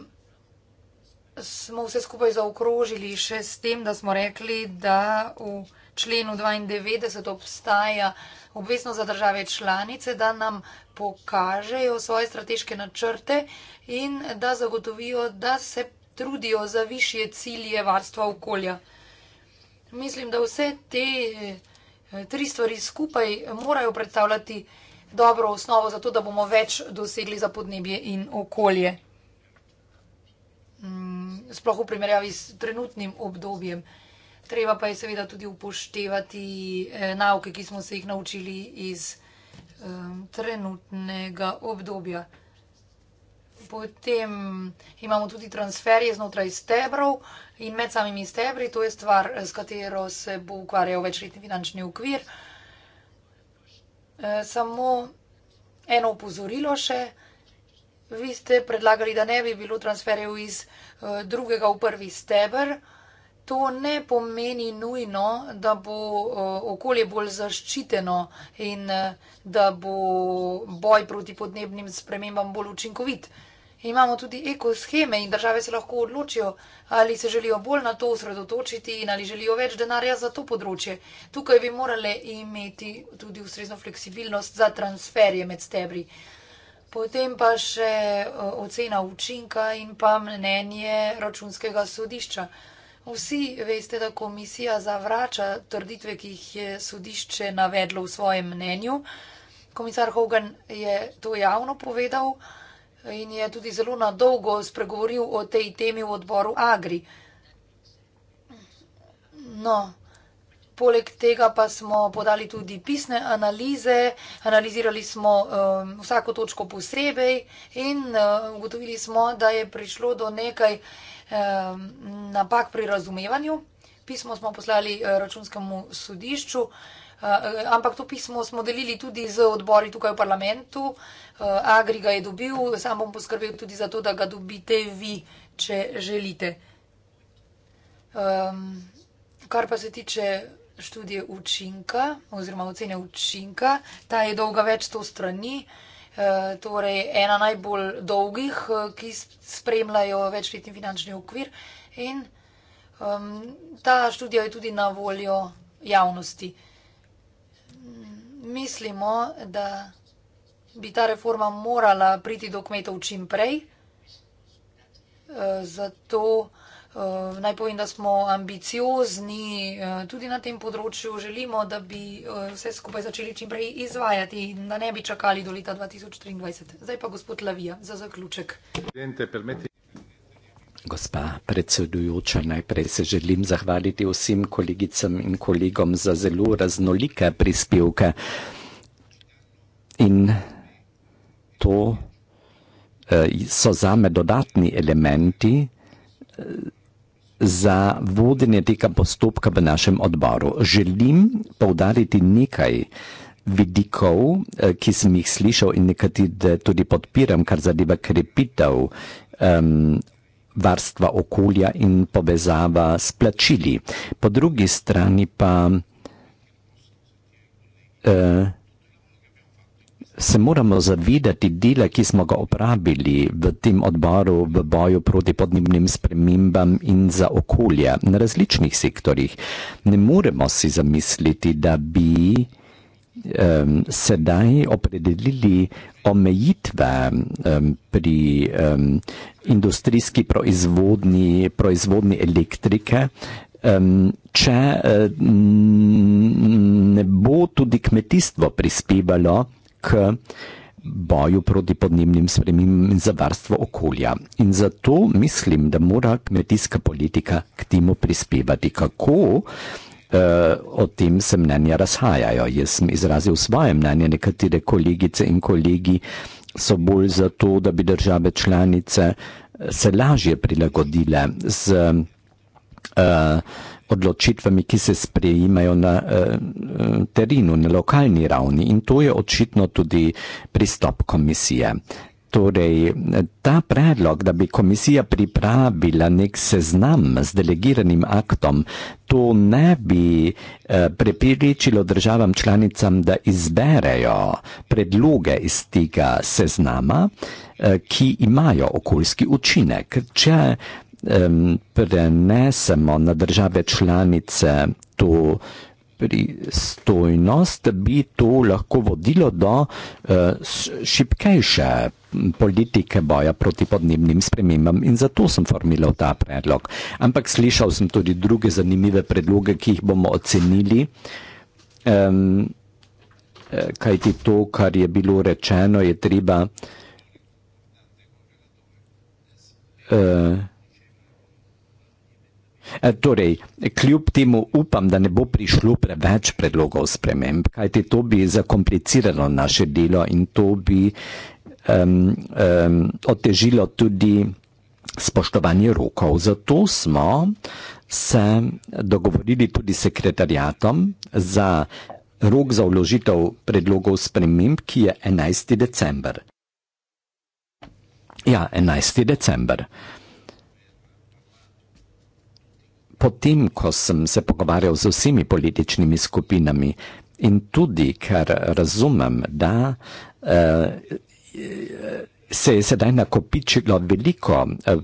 smo vse skupaj zaokrožili še s tem, da smo rekli, da v členu 92 obstaja obvezno za države članice, da nam pokažejo svoje strateške načrte in da zagotovijo, da se trudijo za višje cilje varstva okolja. Mislim, da vse te eh, tri stvari skupaj morajo predstavljati dobro osnovo za to, da bomo več dosegli za podnebje in okolje sploh v primerjavi s trenutnim obdobjem. Treba pa je seveda tudi upoštevati eh, nauke, ki smo se jih naučili iz eh, trenutnega obdobja. Potem imamo tudi transferje znotraj stebrov in med samimi stebri, to je stvar, eh, s katero se bo ukvarjal večletni finančni ukvir. Eh, samo eno upozorilo še. Vi ste predlagali, da ne bi bilo transferjev iz eh, drugega v prvi steber. To ne pomeni nujno, da bo eh, okolje bolj zaščiteno in eh, da bo boj proti podnebnim spremembam bolj učinkovit. Imamo tudi ekosheme in države se lahko odločijo, ali se želijo bolj na to usredotočiti in ali želijo več denarja za to področje. Tukaj bi morali imeti tudi ustrezno fleksibilnost za transferje med stebri. Potem pa še e, ocena učinka in pa mnenje računskega sodišča. Vsi veste, da komisija zavrača trditve, ki jih je sodišče navedlo v svojem mnenju. Komisar Hogan je to javno povedal in je tudi zelo nadolgo spregovoril o tej temi v odboru Agri. No, Poleg tega pa smo podali tudi pisne analize, analizirali smo um, vsako točko posebej in um, ugotovili smo, da je prišlo do nekaj um, napak pri razumevanju. Pismo smo poslali uh, računskemu sodišču, uh, ampak to pismo smo delili tudi z odbori tukaj v parlamentu. Agri ga je dobil, sam bom poskrbel tudi za to, da ga dobite vi, če želite. Um, kar pa se tiče študije učinka oziroma ocene učinka. Ta je dolga več to strani, eh, torej ena najbolj dolgih, eh, ki spremljajo večletni finančni okvir in ta študija je tudi na voljo javnosti. Mislimo, da bi ta reforma morala priti do kmetov čim prej, eh, zato vsega, Eh, naj povem, da smo ambiciozni eh, tudi na tem področju, želimo, da bi eh, vse skupaj začeli čim prej izvajati in da ne bi čakali do leta 2023. Zdaj pa gospod Lavija za zaključek. Gospa predsedujoča, najprej se želim zahvaliti vsem kolegicam in kolegom za zelo raznolike prispevke in to so zame dodatni elementi, za vodenje tega postopka v našem odboru. Želim povdariti nekaj vidikov, eh, ki sem jih slišal in nekatere tudi podpiram, kar zadeva krepitev um, varstva okolja in povezava s plačili. Po drugi strani pa. Uh, se moramo zavedati dela, ki smo ga uporabili v tem odboru v boju proti podnebnim spremembam in za okolje na različnih sektorjih. Ne moremo si zamisliti, da bi um, sedaj opredelili omejitve um, pri um, industrijski proizvodni, proizvodni elektrike. Um, če um, ne bo tudi kmetijstvo prispevalo, k boju proti podnebnim spremembam in za varstvo okolja. In zato mislim, da mora kmetijska politika k temu prispevati, kako uh, o tem se mnenja razhajajo. Jaz sem izrazil svoje mnenje, nekatere kolegice in kolegi so bolj za to, da bi države članice eh, se lažje prilagodile z. Uh, odločitvami, ki se sprejemajo na eh, eh, terenu, na lokalni ravni. In to je očitno tudi pristop komisije. Torej, ta predlog, da bi komisija pripravila nek seznam z delegiranim aktom, to ne bi eh, prepričilo državam članicam, da izberejo predloge iz tega seznama, eh, ki imajo okoljski učinek. Če um, prenesemo na države članice to pristojnost, bi to lahko vodilo do uh, eh, šipkejše politike boja proti podnebnim spremembam in zato sem formiral ta predlog. Ampak slišal sem tudi druge zanimive predloge, ki jih bomo ocenili. Um, eh, Kaj ti to, kar je bilo rečeno, je treba. Uh, E, torej, kljub temu upam, da ne bo prišlo preveč predlogov sprememb, kajti to bi zakompliciralo naše delo in to bi um, um, otežilo tudi spoštovanje rokov. Zato smo se dogovorili tudi s sekretarjatom za rok za vložitev predlogov sprememb, ki je 11. december. Ja, 11. december potem, ko sem se pogovarjal z vsemi političnimi skupinami in tudi, ker razumem, da uh, se je sedaj nakopičilo veliko, uh,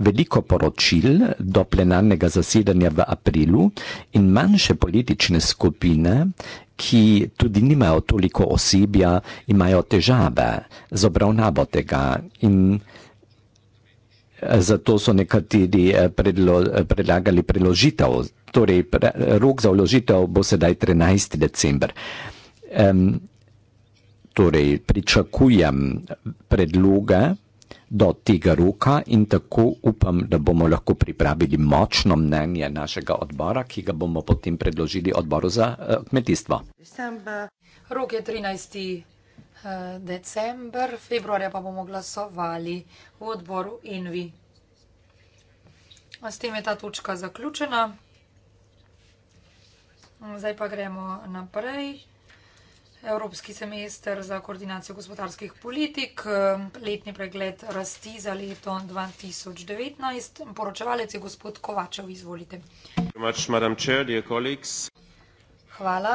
veliko poročil do plenarnega zasedanja v aprilu in manjše politične skupine, ki tudi nimajo toliko osebja, imajo težave z obravnavo tega in uh, zato so nekateri eh, predlo, predlagali preložitev. Torej, pre, rok za vložitev bo sedaj 13. december. Um, torej, pričakujem predloge do tega roka in tako upam, da bomo lahko pripravili močno mnenje našega odbora, ki ga bomo potem predložili odboru za eh, kmetijstvo. Rok je 13. Eh, december, februarja pa bomo glasovali v odboru Envi. S tem je ta točka zaključena. Zdaj pa gremo naprej. Evropski semester za koordinacijo gospodarskih politik, eh, letni pregled rasti za leto 2019. Poročevalec je gospod Kovačev, izvolite. Hvala. Hvala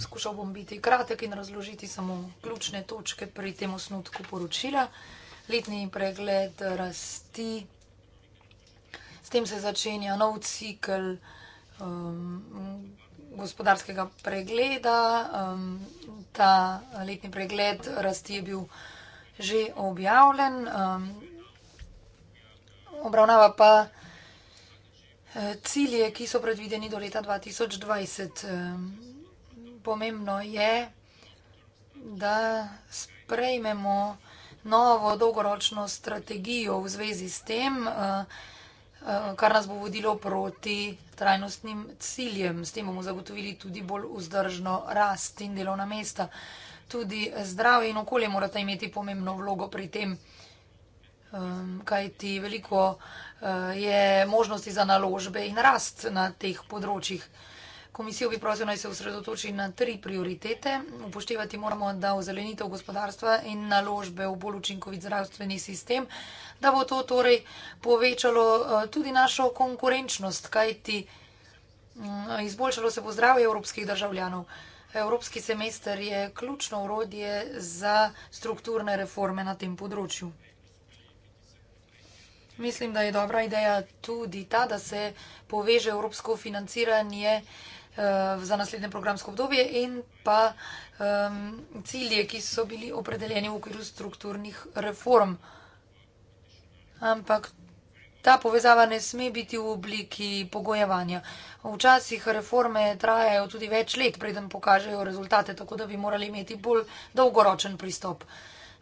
skušal bom biti kratek in razložiti samo ključne točke pri tem osnutku poročila. Letni pregled rasti, s tem se začenja nov cikl um, gospodarskega pregleda. Um, ta letni pregled rasti je bil že objavljen. Um, obravnava pa eh, cilje, ki so predvideni do leta 2020. Um, pomembno je, da sprejmemo novo dolgoročno strategijo v zvezi s tem, eh, eh, kar nas bo vodilo proti trajnostnim ciljem. S tem bomo zagotovili tudi bolj vzdržno rast in delovna mesta. Tudi zdravje in okolje morata imeti pomembno vlogo pri tem, ehm, kajti veliko eh, je možnosti za naložbe in rast na teh področjih. Komisijo bi prosil naj se usredotoči na tri prioritete. Upoštevati moramo, da v zelenitev gospodarstva in naložbe v bolj učinkovit zdravstveni sistem, da bo to torej povečalo eh, tudi našo konkurenčnost, kajti mm, izboljšalo se bo zdravje evropskih državljanov. Evropski semester je ključno urodje za strukturne reforme na tem področju. Mislim, da je dobra ideja tudi ta, da se poveže evropsko financiranje Eh, za naslednje programsko obdobje in pa um, cilje, ki so bili opredeljeni v okviru strukturnih reform. Ampak ta povezava ne sme biti v obliki pogojevanja. Včasih reforme trajajo tudi več let, preden pokažejo rezultate, tako da bi morali imeti bolj dolgoročen pristop.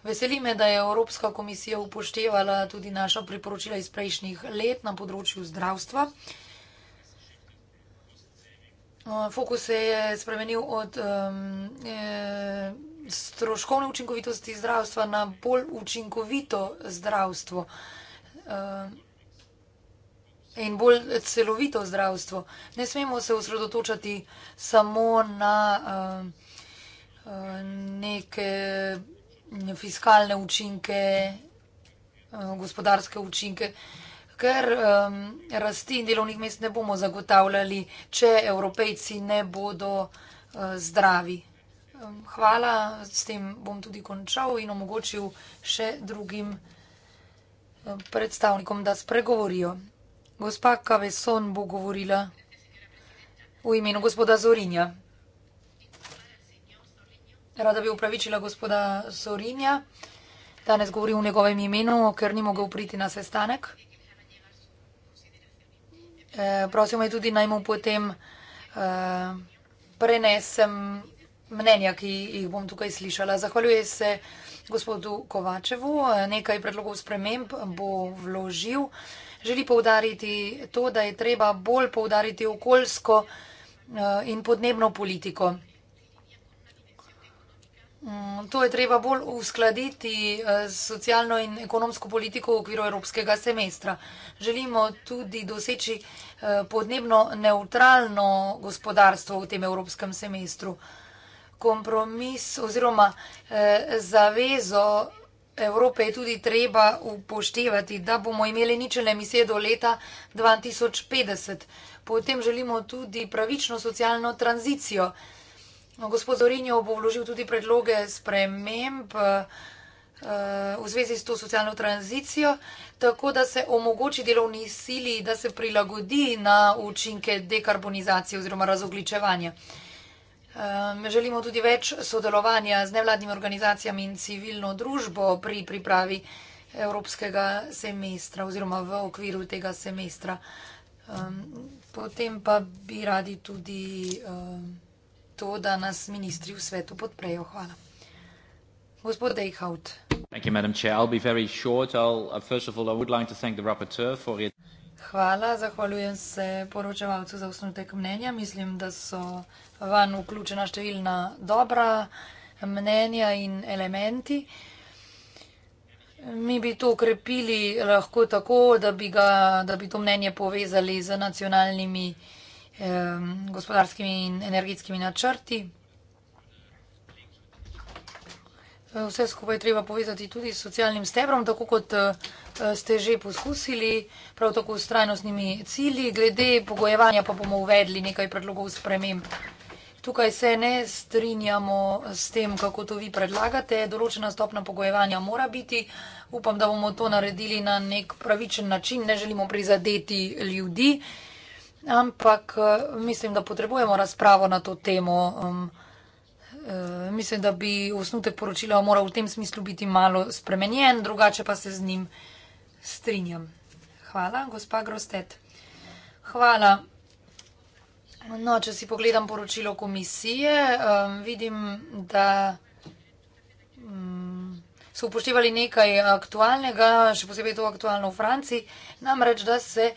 Veseli me, da je Evropska komisija upoštevala tudi naša priporočila iz prejšnjih let na področju zdravstva. Uh, fokus se je spremenil od um, e, stroškovne učinkovitosti zdravstva na bolj učinkovito zdravstvo um, in bolj celovito zdravstvo. Ne smemo se osredotočati samo na um, neke fiskalne učinke, um, gospodarske učinke. Um, ker um, rasti in delovnih mest ne bomo zagotavljali, če evropejci ne bodo uh, zdravi. Um, hvala, s tem bom tudi končal in omogočil še drugim um, predstavnikom, da spregovorijo. Gospa Kaveson bo govorila v imenu gospoda Zorinja. Rada bi upravičila gospoda Zorinja. Danes govori v njegovem imenu, ker ni mogel priti na sestanek. Eh, prosil me tudi naj mu potem uh, prenesem mnenja, ki jih bom tukaj slišala. Zahvaljuje se gospodu Kovačevu, nekaj predlogov sprememb bo vložil. Želi poudariti to, da je treba bolj poudariti okoljsko uh, in podnebno politiko. Mm, to je treba bolj uskladiti eh, s socialno in ekonomsko politiko v okviru evropskega semestra. Želimo tudi doseči eh, podnebno neutralno gospodarstvo v tem evropskem semestru. Kompromis oziroma eh, zavezo Evrope je tudi treba upoštevati, da bomo imeli ničelne emisije do leta 2050. Potem želimo tudi pravično socialno tranzicijo. No, gospod Zorinjo bo vložil tudi predloge sprememb eh, v zvezi s to socialno tranzicijo, tako da se omogoči delovni sili, da se prilagodi na učinke dekarbonizacije oziroma razogličevanja. Ehm, želimo tudi več sodelovanja z nevladnimi organizacijami in civilno družbo pri pripravi evropskega semestra oziroma v okviru tega semestra. Ehm, potem pa bi radi tudi ehm, to, da nas ministri v svetu podprejo. Hvala. Gospod Dejhaut. Uh, Hvala, zahvaljujem se poročevalcu za osnutek mnenja. Mislim, da so van vključena številna dobra mnenja in elementi. Mi bi to ukrepili lahko tako, da bi, ga, da bi to mnenje povezali z nacionalnimi gospodarskimi in energetskimi načrti. Vse skupaj treba povezati tudi s socialnim stebrom, tako kot eh, ste že poskusili, prav tako s trajnostnimi cilji. Glede pogojevanja pa bomo uvedli nekaj predlogov sprememb. Tukaj se ne strinjamo s tem, kako to vi predlagate. Določena stopna pogojevanja mora biti. Upam, da bomo to naredili na nek pravičen način. Ne želimo prizadeti ljudi ampak eh, mislim, da potrebujemo razpravo na to temo. Um, eh, mislim, da bi osnutek poročila moral v tem smislu biti malo spremenjen, drugače pa se z njim strinjam. Hvala, gospa Grostet. Hvala. No, če si pogledam poročilo komisije, um, vidim, da um, so upoštevali nekaj aktualnega, še posebej to aktualno v Franciji, namreč, da se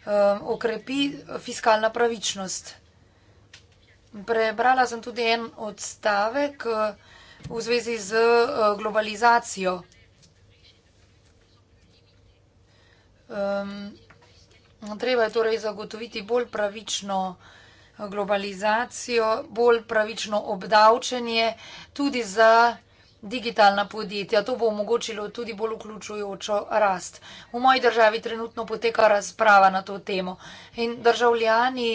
Um, okrepi fiskalna pravičnost. Prebrala sem tudi en odstavek uh, v zvezi z uh, globalizacijo. Um, treba je torej zagotoviti bolj pravično uh, globalizacijo, bolj pravično obdavčenje tudi za vsega, digitalna podjetja. To bo omogočilo tudi bolj vključujočo rast. V moji državi trenutno poteka razprava na to temo in državljani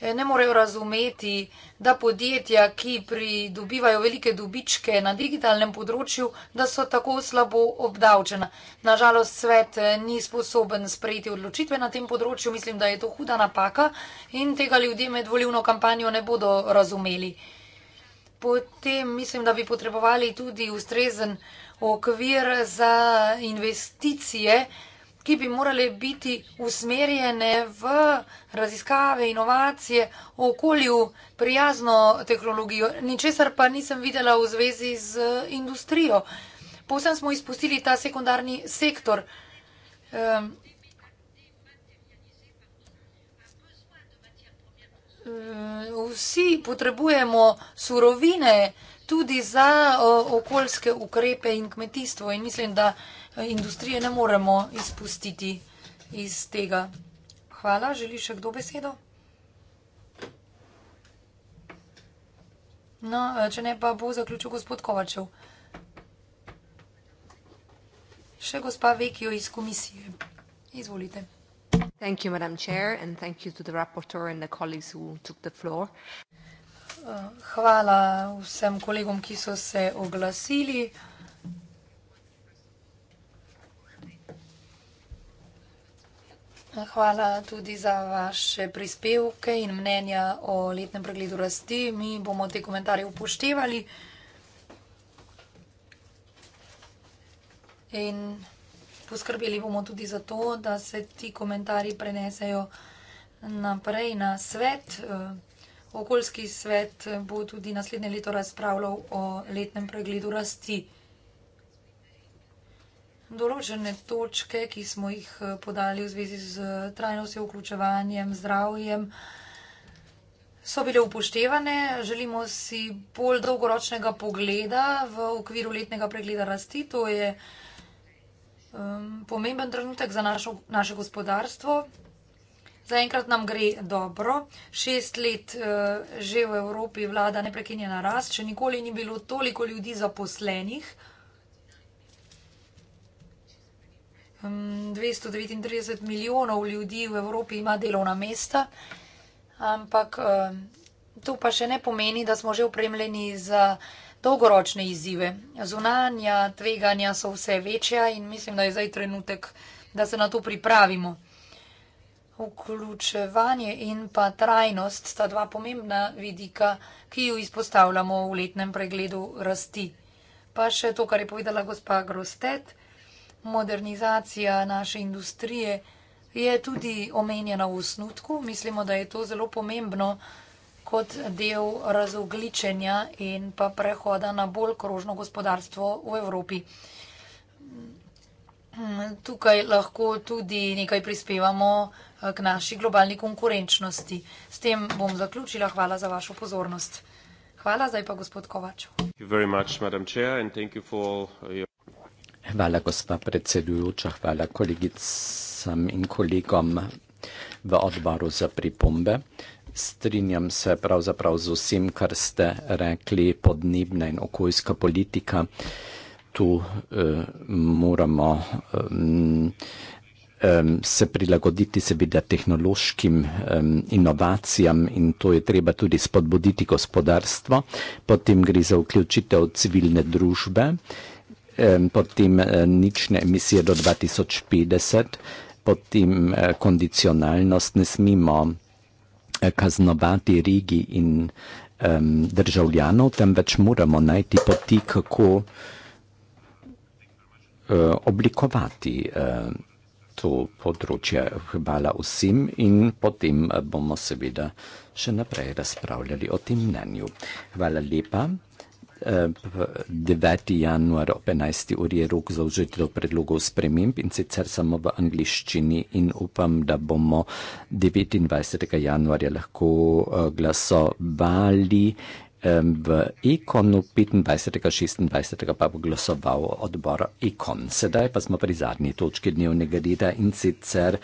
eh, ne morejo razumeti, da podjetja, ki pridobivajo velike dobičke na digitalnem področju, da so tako slabo obdavčena. Nažalost, svet eh, ni sposoben sprejeti odločitve na tem področju. Mislim, da je to huda napaka in tega ljudje med volivno kampanjo ne bodo razumeli potem mislim, da bi potrebovali tudi ustrezen okvir za investicije, ki bi morali biti usmerjene v raziskave, inovacije, okolju, prijazno tehnologijo. Ničesar pa nisem videla v zvezi z industrijo. Povsem smo izpustili ta sekundarni sektor. Um, Eh, vsi potrebujemo surovine tudi za okoljske ukrepe in kmetijstvo in mislim, da eh, industrije ne moremo izpustiti iz tega. Hvala, želi še kdo besedo? No, eh, če ne pa bo zaključil gospod Kovačev. Še gospa Vekijo iz komisije. Izvolite. Thank you, Madam Chair, and thank you to the rapporteur and the colleagues who took the floor. Hvala vsem kolegom, ki so se oglasili. Hvala tudi za vaše prispevke in mnenja o letnem pregledu rasti. Mi bomo te komentarje upoštevali. In poskrbeli bomo tudi za to, da se ti komentarji prenesejo naprej na svet. Eh, okoljski svet eh, bo tudi naslednje leto razpravljal o letnem pregledu rasti. Določene točke, ki smo jih eh, podali v zvezi z trajnostjo, vključevanjem, zdravjem, so bile upoštevane. Želimo si bolj dolgoročnega pogleda v okviru letnega pregleda rasti. To je um, pomemben trenutek za našo, naše gospodarstvo. Zaenkrat nam gre dobro, šest let uh, že v Evropi vlada neprekinjena rast, še nikoli ni bilo toliko ljudi zaposlenih. Um, 239 milijonov ljudi v Evropi ima delovna mesta, ampak um, to pa še ne pomeni, da smo že upremljeni za dolgoročne izzive. Zunanja tveganja so vse večja in mislim, da je zdaj trenutek, da se na to pripravimo. Vključevanje in pa trajnost sta dva pomembna vidika, ki ju izpostavljamo v letnem pregledu rasti. Pa še to, kar je povedala gospa Grostet, modernizacija naše industrije je tudi omenjena v osnutku. Mislimo, da je to zelo pomembno, kot del razogličenja in pa prehoda na bolj krožno gospodarstvo v Evropi. Tukaj lahko tudi nekaj prispevamo eh, k naši globalni konkurenčnosti. S tem bom zaključila. Hvala za vašo pozornost. Hvala zdaj pa gospod Kovač. Hvala, gospa predsedujoča, hvala kolegicam in kolegom v odboru za pripombe. Strinjam se pravzaprav z vsem, kar ste rekli, podnebna in okoljska politika. Tu eh, moramo eh, eh, se prilagoditi seveda tehnološkim eh, inovacijam in to je treba tudi spodbuditi gospodarstvo. Potem gre za vključitev civilne družbe, eh, potem eh, nične emisije do 2050, potem eh, kondicionalnost ne smemo. Eh, kaznovati regij in um, državljanov, temveč moramo najti poti, kako uh, oblikovati uh, to področje. Hvala vsem in potem bomo seveda še naprej razpravljali o tem mnenju. Hvala lepa. 9. Eh, januar ob 11. uri je rok za vložitev predlogov sprememb in sicer samo v angliščini in upam, da bomo 29. januarja lahko eh, glasovali v ikonu 25. in 26. pa bo glasoval odbor ikon. Sedaj pa smo pri zadnji točki dnevnega reda in sicer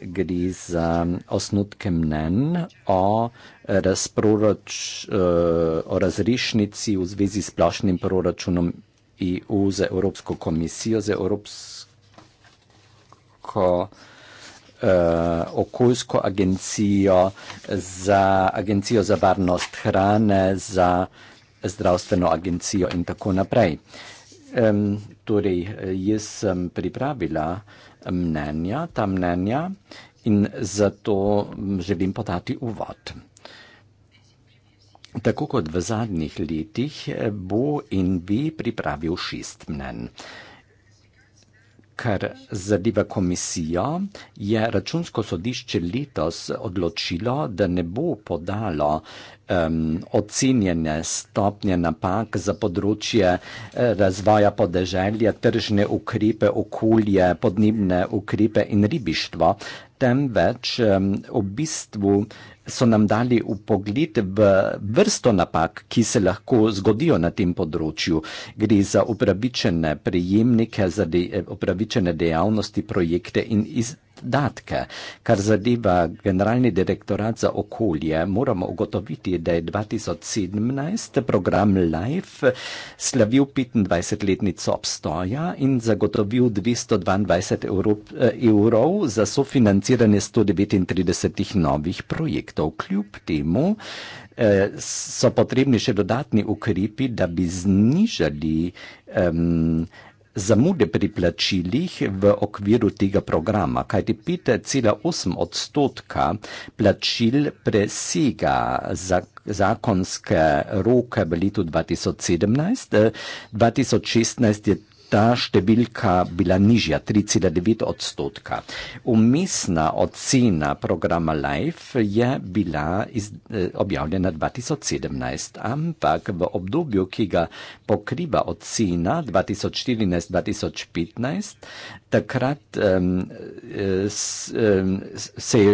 gre za osnutke mnen o, razproroč, eh, o razrišnici v zvezi s plašnim proračunom EU za Evropsko komisijo, za Evropsko komisijo uh, okoljsko agencijo, za agencijo za varnost hrane, za zdravstveno agencijo in tako naprej. Um, torej, jaz sem pripravila mnenja, ta mnenja in zato želim podati uvod. Tako kot v zadnjih letih eh, bo in bi pripravil šest mnenj kar zadeva komisijo, je računsko sodišče letos odločilo, da ne bo podalo um, ocenjene stopnje napak za področje eh, razvoja podeželja, tržne ukrepe, okolje, podnebne ukrepe in ribištvo, temveč um, v bistvu so nam dali upogled v vrsto napak, ki se lahko zgodijo na tem področju. Gre za upravičene prejemnike, za de, eh, upravičene dejavnosti, projekte in izdelke podatke. Kar zadeva generalni direktorat za okolje, moramo ugotoviti, da je 2017 program LIFE slavil 25-letnico obstoja in zagotovil 222 evrop, evrov za sofinanciranje 139 novih projektov. Kljub temu eh, so potrebni še dodatni ukrepi, da bi znižali um, zamude pri plačilih v okviru tega programa, kajti 5,8 odstotka plačil presega zakonske roke v letu 2017, 2016 eh, je ta številka bila nižja, 3,9 odstotka. Umestna ocena programa Life je bila iz, eh, objavljena 2017, ampak v obdobju, ki ga pokriva ocena 2014-2015, takrat eh, eh, se je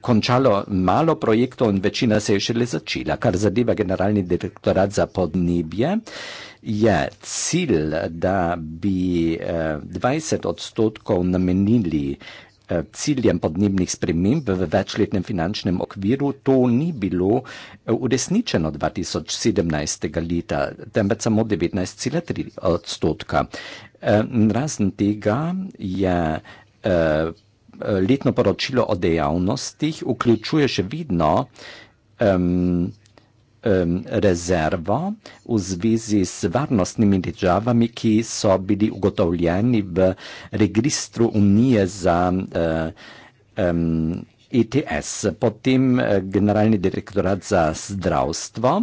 končalo malo projektov in večina se je šele začela, kar zadeva generalni direktorat za podnebje. Eh, je cilj, da bi 20 eh, odstotkov namenili eh, ciljem podnebnih sprememb v večletnem finančnem okviru, to ni bilo eh, uresničeno 2017. leta, temveč samo 19,3 odstotka. Razen tega je letno poročilo o dejavnostih, vključuje še vidno, um, rezervo v zvezi z varnostnimi državami, ki so bili ugotovljeni v registru Unije za uh, eh, um, ETS. Potem eh, Generalni direktorat za zdravstvo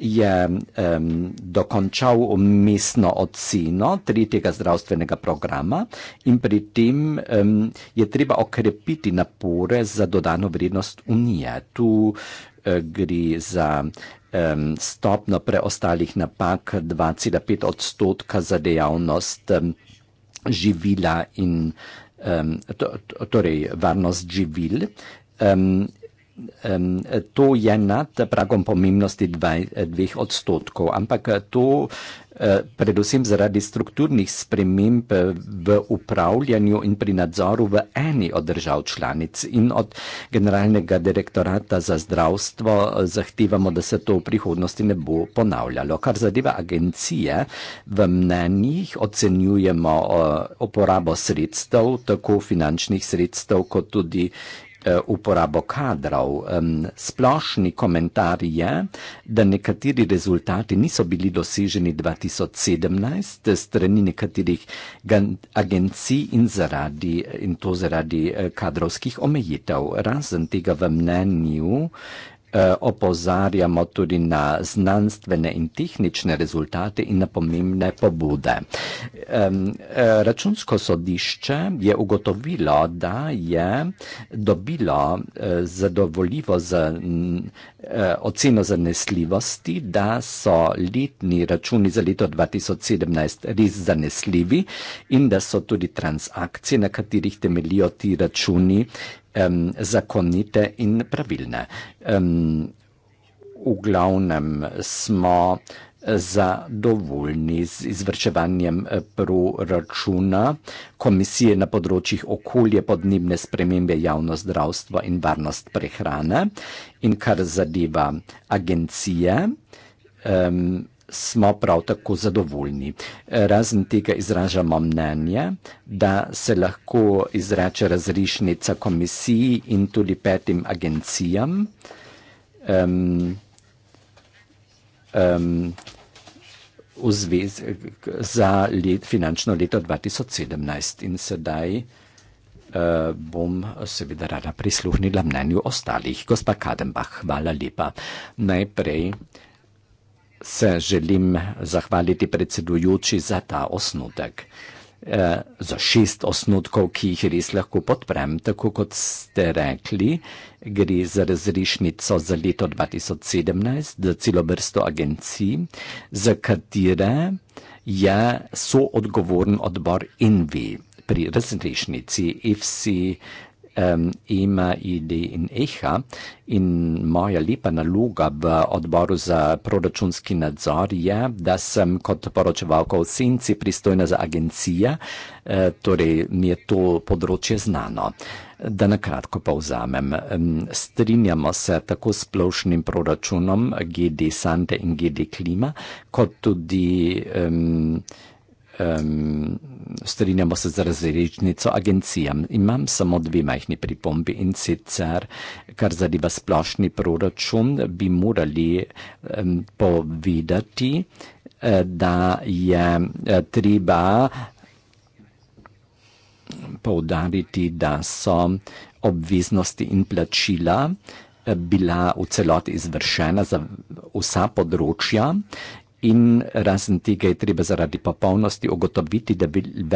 je um, dokončal mestno oceno tretjega zdravstvenega programa in pri tem um, je treba okrepiti napore za dodano vrednost Unije. Tu uh, gre za uh, um, stopno preostalih napak 2,5 odstotka za dejavnost um, živila in um, to, torej varnost živil. Um, um, to je nad pragom pomembnosti 2 odstotkov, ampak to e, predvsem zaradi strukturnih sprememb v upravljanju in pri nadzoru v eni od držav članic. In od generalnega direktorata za zdravstvo e, zahtevamo, da se to v prihodnosti ne bo ponavljalo. Kar zadeva agencije, v mnenjih ocenjujemo e, uporabo sredstev, tako finančnih sredstev, kot tudi eh, Eh, uporabo kadrov. Splošni komentar je, da nekateri rezultati niso bili doseženi 2017 strani nekaterih agencij in, zaradi, in to zaradi eh, kadrovskih omejitev. Razen tega v mnenju Eh, opozarjamo tudi na znanstvene in tehnične rezultate in na pomembne pobude. Eh, računsko sodišče je ugotovilo, da je dobilo eh, zadovoljivo za oceno zanesljivosti, da so letni računi za leto 2017 res zanesljivi in da so tudi transakcije, na katerih temelijo ti računi, um, zakonite in pravilne. Um, v glavnem smo zadovoljni z izvrševanjem eh, proračuna komisije na področjih okolje, podnebne spremembe, javno zdravstvo in varnost prehrane in kar zadeva agencije. Um, smo prav tako zadovoljni. Razen tega izražamo mnenje, da se lahko izreče razrišnica komisiji in tudi petim agencijam. Um, um, v zvezi za let, finančno leto 2017 in sedaj uh, bom seveda rada prisluhnila mnenju ostalih. Gospa Kadenbach, hvala lepa. Najprej uh, se želim zahvaliti predsedujoči za ta osnutek. E, za šest osnutkov, ki jih res lahko podprem, tako kot ste rekli, gre za razrešnico za leto 2017, za celo vrsto agencij, za katere je soodgovoren odbor INVI pri razrešnici IFSI um, ima ide in eha in moja lepa naloga v odboru za proračunski nadzor je, da sem kot poročevalka v senci pristojna za agencija, uh, e, torej mi je to področje znano. Da na kratko povzamem. Strinjamo se tako s splošnim proračunom GD Sante in GD Klima, kot tudi um, um, strinjamo se z različnico agencijam. Imam samo dve majhni pripombi in sicer, kar zadeva splošni proračun, bi morali um, povedati, eh, da je eh, treba poudariti, da so obveznosti in plačila eh, bila v celoti izvršena za vsa področja In razen tega je treba zaradi popolnosti ugotoviti, da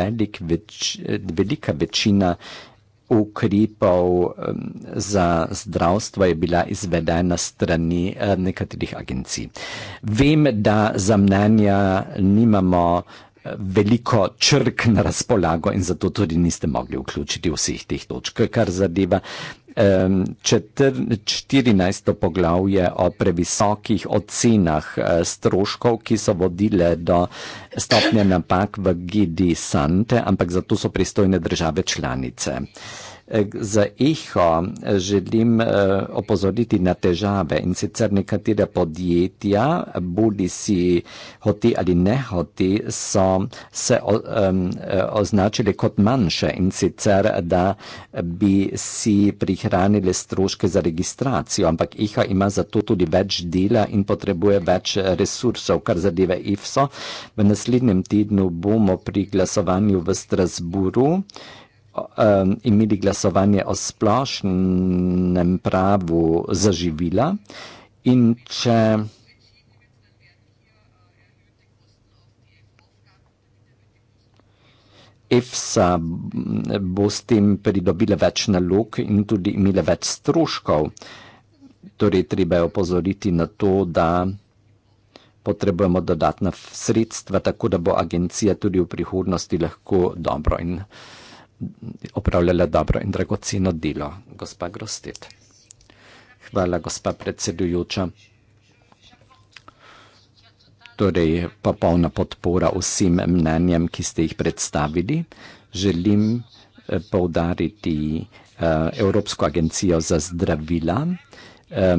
velik več, velika večina ukrepov za zdravstvo je bila izvedena strani eh, nekaterih agencij. Vem, da za mnenja nimamo veliko črk na razpolago in zato tudi niste mogli vključiti vseh teh točk, kar zadeva. 14. poglavje o previsokih ocenah e, stroškov, ki so vodile do stopnje napak v GD Sante, ampak zato so pristojne države članice. Eh, z eho eh, želim eh, opozoriti na težave in sicer nekatere podjetja, bodi si hoti ali ne hoti, so se označili kot manjše in sicer, da bi si prihranili stroške za registracijo, ampak eho ima zato tudi več dela in potrebuje več resursov, kar zadeve IFSO. V naslednjem tednu bomo pri glasovanju v Strasburu um, imeli glasovanje o splošnem pravu za živila in če EFSA bo s tem pridobila več nalog in tudi imela več stroškov, torej treba je opozoriti na to, da potrebujemo dodatna sredstva, tako da bo agencija tudi v prihodnosti lahko dobro in dobro opravljala dobro in dragoceno delo, gospa Grostet. Hvala, gospa predsedujoča. Torej, popolna podpora vsem mnenjem, ki ste jih predstavili. Želim eh, poudariti eh, Evropsko agencijo za zdravila. Eh,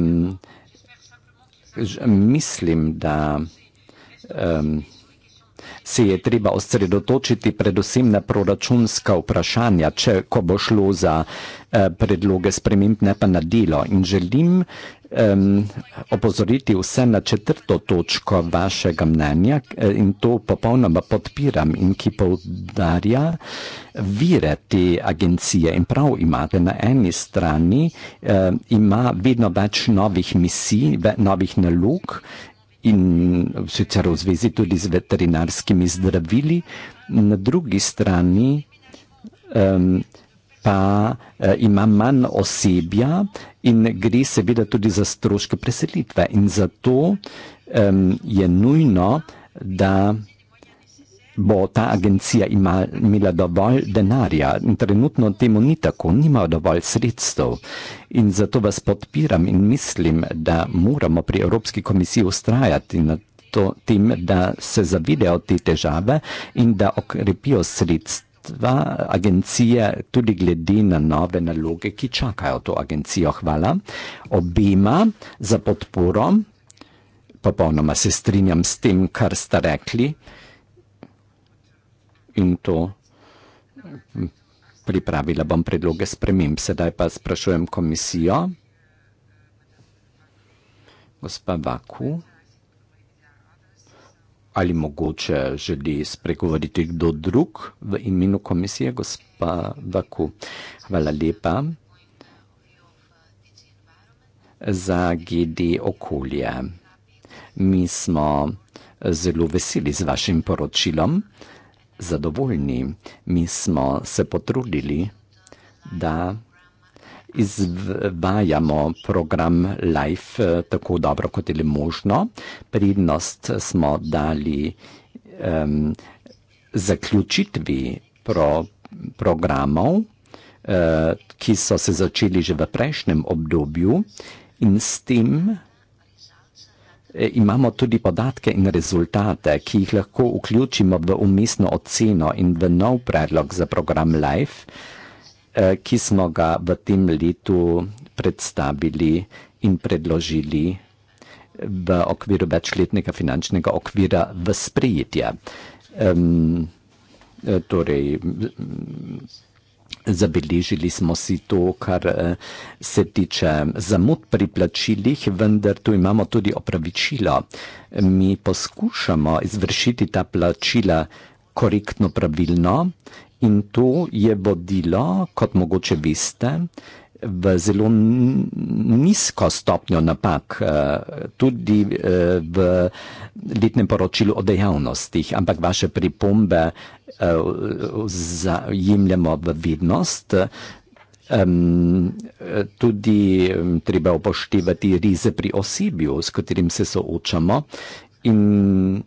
mislim, da eh, se je treba osredotočiti predvsem na proračunska vprašanja, če ko bo šlo za eh, predloge sprememb, ne pa na delo. In želim Um, opozoriti vse na četrto točko vašega mnenja eh, in to popolnoma podpiram in ki povdarja vire te agencije in prav imate na eni strani um, ima vedno več novih misij, novih nalog in sicer v zvezi tudi z veterinarskimi zdravili, na drugi strani um, pa uh, ima manj osebja in gre seveda tudi za stroške preselitve. In zato um, je nujno, da bo ta agencija imela dovolj denarja. Trenutno temu ni tako, nima dovolj sredstev. In zato vas podpiram in mislim, da moramo pri Evropski komisiji ustrajati na to, tem, da se zavidejo te težave in da okrepijo sredstva. Dva agencije, tudi glede na nove naloge, ki čakajo to agencijo. Hvala obima za podporo. Popolnoma se strinjam s tem, kar ste rekli in to pripravila bom predloge sprememb. Sedaj pa sprašujem komisijo. Gospa Vaku, ali mogoče želi spregovoriti kdo drug v imenu komisije, gospa Vaku? Hvala lepa za GD okolje. Mi smo zelo veseli z vašim poročilom zadovoljni. Mi smo se potrudili, da izvajamo program Life eh, tako dobro, kot je le možno. Prednost smo dali um, zaključitvi pro programov, uh, ki so se začeli že v prejšnjem obdobju in s tem E, imamo tudi podatke in rezultate, ki jih lahko vključimo v umestno oceno in v nov predlog za program LIFE, e, ki smo ga v tem letu predstavili in predložili v okviru večletnega finančnega okvira v sprejetje. E, torej, Zabeležili smo si to, kar eh, se tiče zamud pri plačilih, vendar tu imamo tudi opravičilo. Mi poskušamo izvršiti ta plačila korektno, pravilno in to je vodilo, kot mogoče veste, v zelo nizko stopnjo napak, eh, tudi eh, v letnem poročilu o dejavnostih, ampak vaše pripombe eh, zajemljamo v vidnost. Tudi treba upoštevati rize pri osebju, s katerim se soočamo in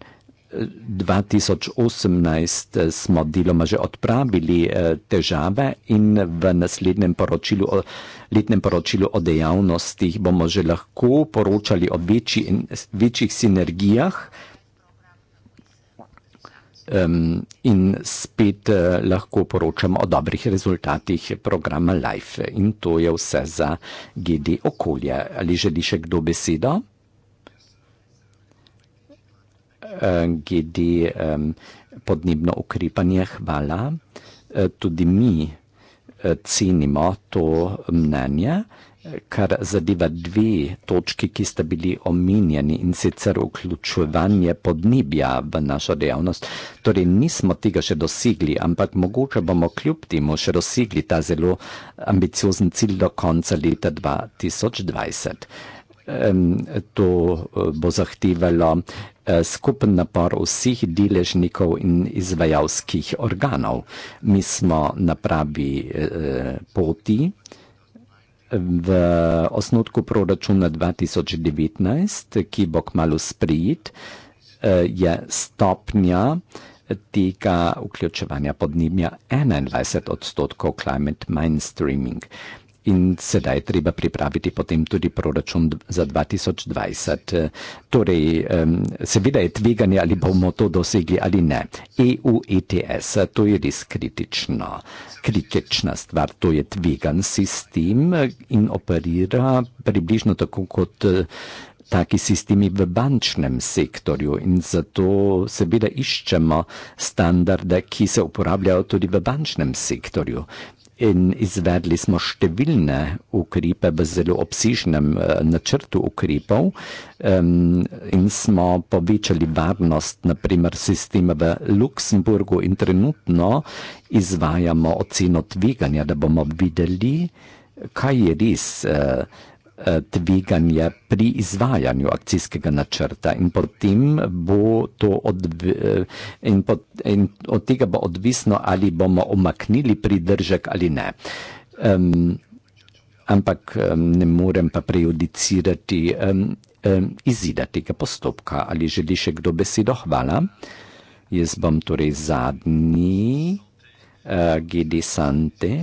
2018 eh, smo deloma že odpravili eh, težave in v naslednjem poročilu, letnem poročilu o dejavnostih bomo že lahko poročali o večji, večjih sinergijah in spet eh, lahko poročamo o dobrih rezultatih programa LIFE. In to je vse za GD okolje. Ali želi še kdo besedo? glede podnebno ukrepanje, hvala. E, tudi mi e, cenimo to mnenje, kar zadeva dve točki, ki sta bili omenjeni in sicer vključevanje podnebja v našo dejavnost. Torej, nismo tega še dosegli, ampak mogoče bomo kljub temu še dosegli ta zelo ambiciozen cilj do konca leta 2020. To e, bo zahtevalo Eh, skupen napor vseh deležnikov in izvajalskih organov. Mi smo na pravi eh, poti v osnotku proračuna 2019, ki bo kmalo sprejet, eh, je stopnja tega vključevanja podnebja 21 odstotkov climate mainstreaming. In sedaj treba pripraviti potem tudi proračun za 2020. Torej, seveda je tveganje, ali bomo to dosegli ali ne. EU ETS, to je res kritično. Kritična stvar, to je tvegan sistem in operira približno tako kot taki sistemi v bančnem sektorju in zato seveda iščemo standarde, ki se uporabljajo tudi v bančnem sektorju. In izvedli smo številne ukrepe v zelo obsežnem eh, načrtu ukrepov, um, in smo povečali varnost, naprimer, sistema v Luksemburgu, in trenutno izvajamo oceno tveganja, da bomo videli, kaj je res. Uh, Eh, tveganje pri izvajanju akcijskega načrta in potem bo to odv, eh, in, pot, in od tega bo odvisno, ali bomo omaknili pridržek ali ne. Um, ampak um, ne morem pa prejudicirati um, um, izida tega postopka. Ali želi še kdo besedo? Hvala. Jaz bom torej zadnji, uh, eh, GD Sante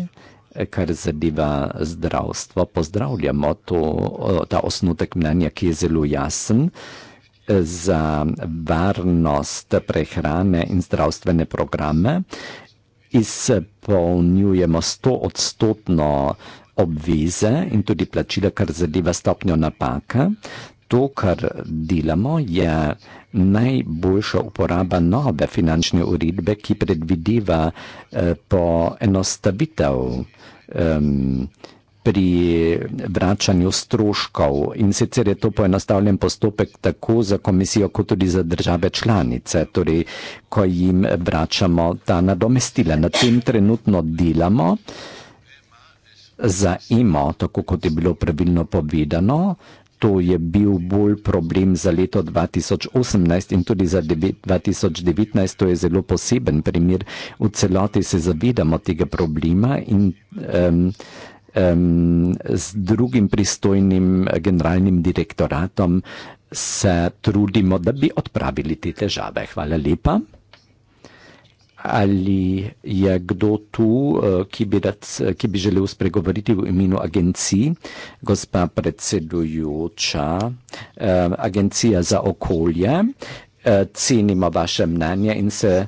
kar zadeva zdravstvo, pozdravljamo to, ta osnutek mnenja, ki je zelo jasen za varnost prehrane in zdravstvene programe. Izpolnjujemo 100 odstotno obveze in tudi plačila, kar zadeva stopnjo napaka to, kar delamo, je najboljša uporaba nove finančne uredbe, ki predvideva eh, poenostavitev pri vračanju stroškov in sicer je to poenostavljen postopek tako za komisijo, kot tudi za države članice, torej, ko jim vračamo ta nadomestila. Na tem trenutno delamo za IMO, tako kot je bilo pravilno povedano, to je bil bolj problem za leto 2018 in tudi za 2019. To je zelo poseben primer. V celoti se zavedamo tega problema in um, um, z drugim pristojnim eh, generalnim direktoratom se trudimo, da bi odpravili te težave. Hvala lepa. Ali je kdo tu, eh, ki bi, rad, ki bi želel spregovoriti v imenu agencij? Gospa predsedujoča, eh, Agencija za okolje, eh, cenimo vaše mnenje in se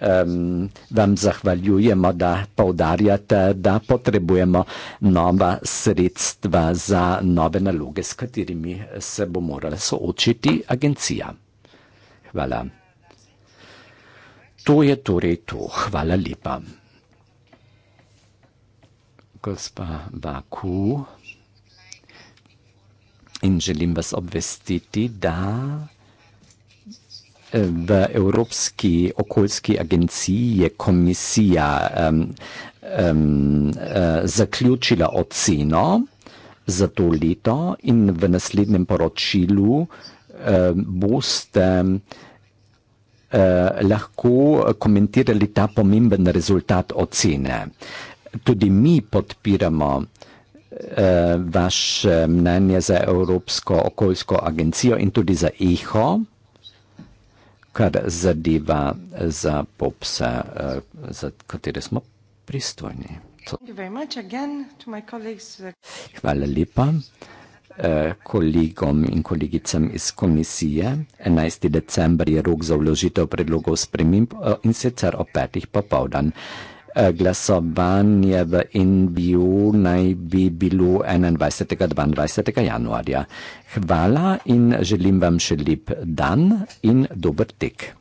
um, vam zahvaljujemo, da povdarjate, da potrebujemo nova sredstva za nove naloge, s katerimi se bo morala soočiti agencija. Hvala. To je torej to. Hvala lepa. Gospa Baku. In želim vas obvestiti, da eh, v Evropski okoljski agenciji je komisija um, um, uh, zaključila oceno za to leto in v naslednjem poročilu um, boste. Um, Eh, lahko eh, komentirali ta pomemben rezultat ocene. Tudi mi podpiramo uh, vaše mnenje za Evropsko okoljsko agencijo in tudi za EHO, kar zadeva za popse, uh, za katere smo pristojni. Hvala lepa. Eh, kolegom in kolegicam iz komisije. 11. december je rok za vložitev predlogov spremim eh, in sicer o petih popovdan. Eh, glasovanje v NBU naj bi bilo 21. 22. januarja. Hvala in želim vam še lep dan in dober tek.